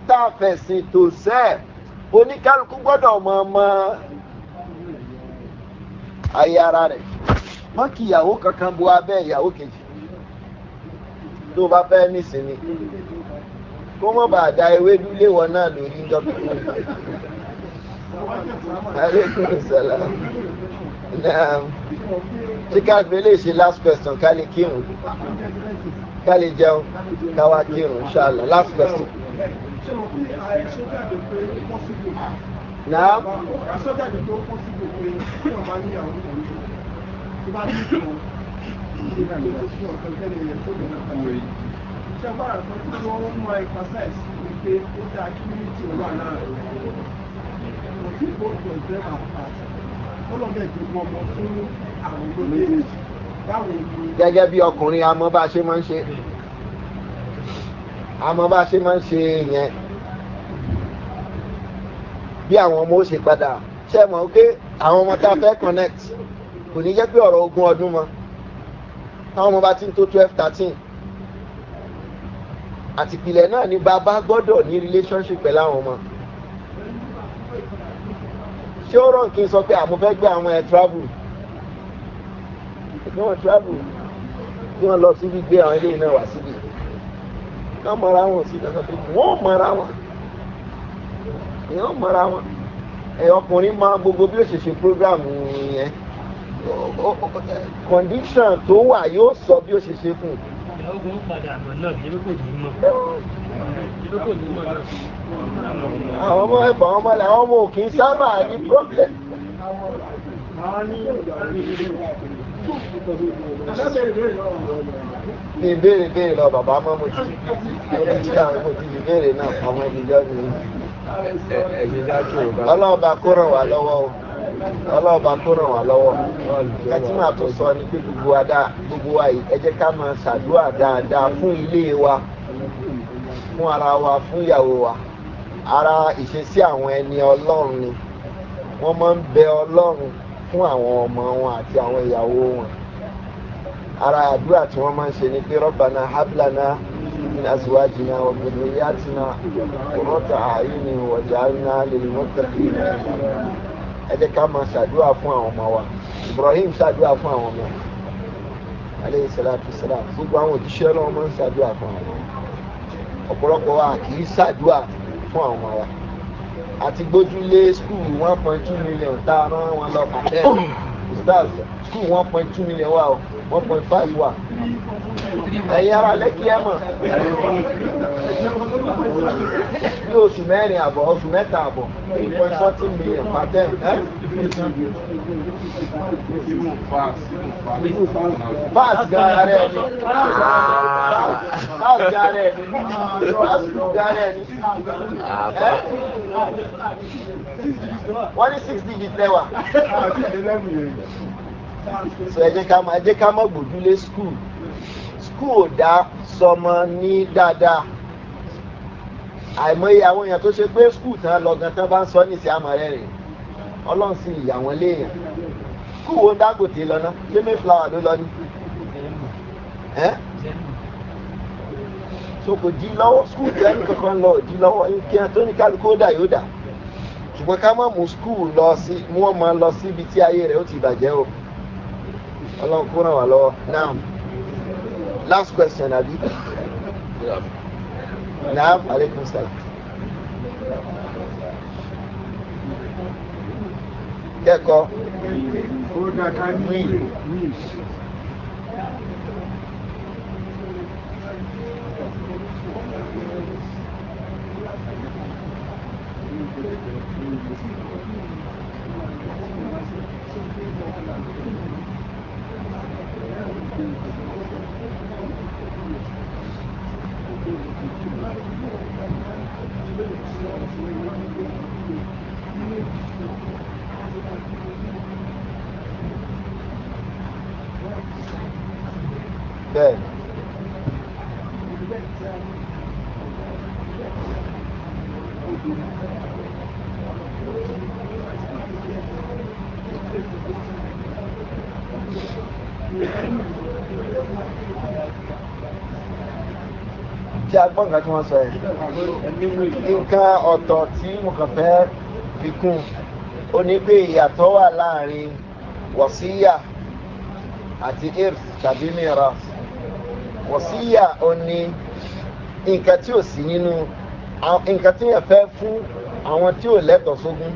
tá a fẹ̀sìn tò sẹ́ẹ̀ oníkálukú gbọ́dọ̀ mọ ọmọ ayé ara rẹ̀ má kí ìyàwó kankan bu abẹ́ ìyàwó kejì tó bá fẹ́ nísìnyí kó mọ̀ bá da ewédú léwọ̀ náà lórí ìjọba aleykum salaam naam chikas bele ṣe last question ká lè kírun ká lè jẹun ká wá kírun ṣáàlà last question. naam ṣẹ́gbà àtọ́ tí wọ́n mọ emphasize ni pé ó dá unity wà láàrin wọn tí ó tó jẹ́ àpàtì ó lọ́dẹ̀ tó mọ ọmọ fún àwọn olóyè báwo ni. gẹ́gẹ́ bí ọkùnrin a mọ bá a ṣe máa ń ṣe a mọ bá a ṣe máa ń ṣe yẹn bí àwọn ọmọ ó ṣe padà ṣe mọ̀ pé àwọn ọmọ tá a fẹ́ connect kò ní jẹ́ pé ọ̀rọ̀ ogún ọdún mọ́ táwọn ọmọ bá ti ń tó twelve thirteen àtìpìlẹ̀ náà ni bàbá gbọ́dọ̀ ní relationship pẹ̀lú àwọn ọmọ ṣé ó rọ̀ kí n sọ pé àmọ́ fẹ́ gbé àwọn ẹ̀ travel kí wọ́n travel kí wọ́n lọ síbi gbé àwọn eléyìí náà wá síbi wọ́n mọ̀ra wọn sí kankan pé wọ́n mọ̀ra wọn èèyàn mọ̀ra wọn ẹ̀ ọkùnrin máa gbogbo bí ó ṣe ṣe program yẹn condition tó wà yóò sọ bí ó ṣe ṣe fún un ogun padà àmọ̀ náà ṣe kò ní mọ̀ àwọn ọmọ ẹ̀bọ̀ àwọn ọmọ làwọn ọmọ òkè sábà ní problem. ìbéèrè béèrè lọ bàbá mọ́mú jù lórí tí àwọn kò ti ìbéèrè náà ọmọ ìbíjọ́ mi. ọlọ́ọ̀bà kó ràn lọ́wọ́ o. ọlọ́ọ̀bá kó ràn lọwọ, lọ́wọ́ ẹtí màá tún sọ gbogbo wa dáa gbogbo wa yìí ẹ jẹ́ ká máa ṣàdúrà dáadáa fún ilé wa fún ara wa fún ìyàwó wa ara ìṣesí àwọn ẹni ọlọ́run ni wọ́n máa ń bẹ ọlọ́run fún àwọn ọmọ wọn àti àwọn ìyàwó wọn ara àdúrà tí wọ́n máa ń ṣe ni pé rọ́bànà hábìlànà ẹ jẹ́ ká máa ṣàdúrà fún àwọn ọmọ wa Ibrahim ṣàdúrà fún àwọn ọmọ aleyhi salatu salam gbogbo àwọn òjíṣẹ́ náà máa ń ṣàdúrà fún àwọn ọmọ ọ̀pọ̀lọpọ̀ wa kì í ṣàdúrà fún àwọn ọmọ wa àti gbójúlé skul one point two million tá a rán wọn lọ pàtẹ́ skul one point two million wà o one point five wa ẹ̀yin ara lẹ́kí ẹ̀ mọ̀ ní oṣù mẹ́rin àbọ̀ oṣù mẹ́ta àbọ̀ three point fourteen million per term. fast gara rẹ ni fast gara rẹ ni fast gara rẹ ni wọ́n ní six digit lẹ́wà so ẹ jẹ́ ká má ẹ jẹ́ ká má gbòdúlé skul skul ò dá sọmọ ní dáadáa àìmọye àwọn èèyàn tó ṣe pé skul tán lọ́gán tán bá ń sọ ní ìsìn àmọ̀rẹ́ rẹ̀ ọlọ́run sì yà wọ́n léèyàn skul wo dágòtè lọ́nà lémi flower ló lọ ní so kò di lọ́wọ́ skul tẹ́ ní kankan lọ di lọ́wọ́ kí n tó ní kálukú ó dà yóò dà ṣùgbọ́n ká má mú skul lọ sí mú ọmọ lọ síbi tí ayé rẹ̀ ó ti bàjẹ́ o ọlọ́run kó ràn wá lọ́wọ́ now last question àbí naam aleykum salam. kẹ́kọ̀ọ́ Thank you. gbọ́ nǹkan tí wọ́n sọ yẹn nǹkan ọ̀tọ̀ tí mo kàn fẹ́ fi kún ó ní pé ìyàtọ̀ wà láàrin wọ̀síyà àti irs tàbí mìíràn wọ̀síyà ó ní nǹkan tí ò sí nínú nǹkan tí yẹn fẹ́ fún àwọn tí ò lẹ́tọ̀ọ́ sógún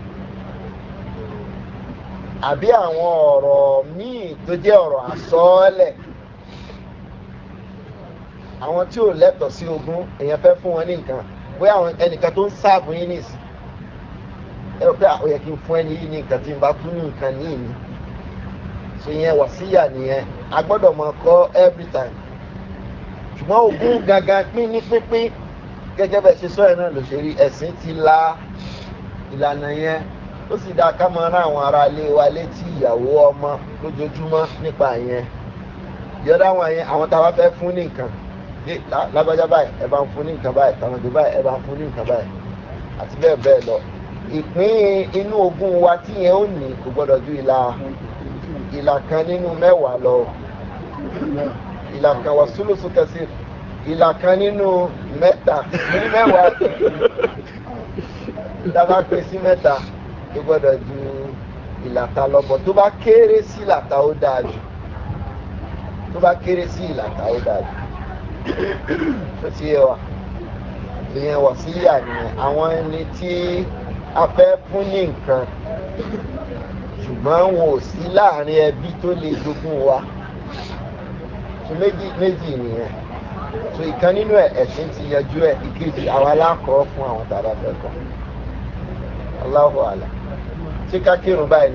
àbí àwọn ọ̀rọ̀ míì tó jẹ́ ọ̀rọ̀ àsọ́ọ́lẹ̀ àwọn tí ò lẹ́tọ̀ sí ogún èèyàn fẹ́ fún wọn ní nǹkan bóyá àwọn ẹnìkan tó ń sáàbù yín nìsí ẹ rò pé ah, ó yẹ kí n fún ẹni yìí ní nǹkan tí n bá tún ní nǹkan yìí ni so yẹn wàsíyà nìyẹn a gbọ́dọ̀ mọ kọ́ every time ṣùgbọ́n ogún gangan pín ní pínpín gẹ́gẹ́ bẹ́ẹ̀ ṣe sọ ẹ̀ náà lòṣèré ẹ̀sìn ti la ìlànà yẹn ó sì dáa ká máa rán àwọn ará ilé wa létí ìyàwó ọmọ lójoojúmọ́ nípa yẹn yọ̀dá wọn yẹn àwọn tá a bá fẹ́ fún ní nǹkan lágbájá báyìí ẹ bá ń fún ní nǹkan báyìí tàmọ̀dé báyìí ẹ bá ń fún ní nǹkan báyìí àti bẹ́ẹ̀ bẹ́ẹ̀ lọ ìpín inú ogún wa tí yẹn ó ní kò gbọ́dọ̀ ju ìlà ìlà kan nínú mẹ́wàá lọ ìlà kan wà sólòsó kẹsì ìlà kan nínú mẹ́ta nínú mẹ́wàá dábàá pé sí mẹ́ta kò gbọ́dọ̀ ju ìlàta lọ́bọ̀ tó bá kéré sí ìlàta ó dáa jù tó bá kéré sí ìlàta ó dáa jù tó ti yẹ wa ìyẹn wọ̀ sí yà nìyẹn àwọn ẹni tí a fẹ́ fún ní nǹkan ṣùgbọ́n wọn ò sí láàrin ẹbí tó lè jogún wa tó méjì méjì nìyẹn tó ìkan nínú ẹ̀sìn ti yanjú ẹ̀ ìkejì àwọn alákọ̀ọ́ fún àwọn tàbá fẹ́ aláwọ̀ àlà tí ká báyìí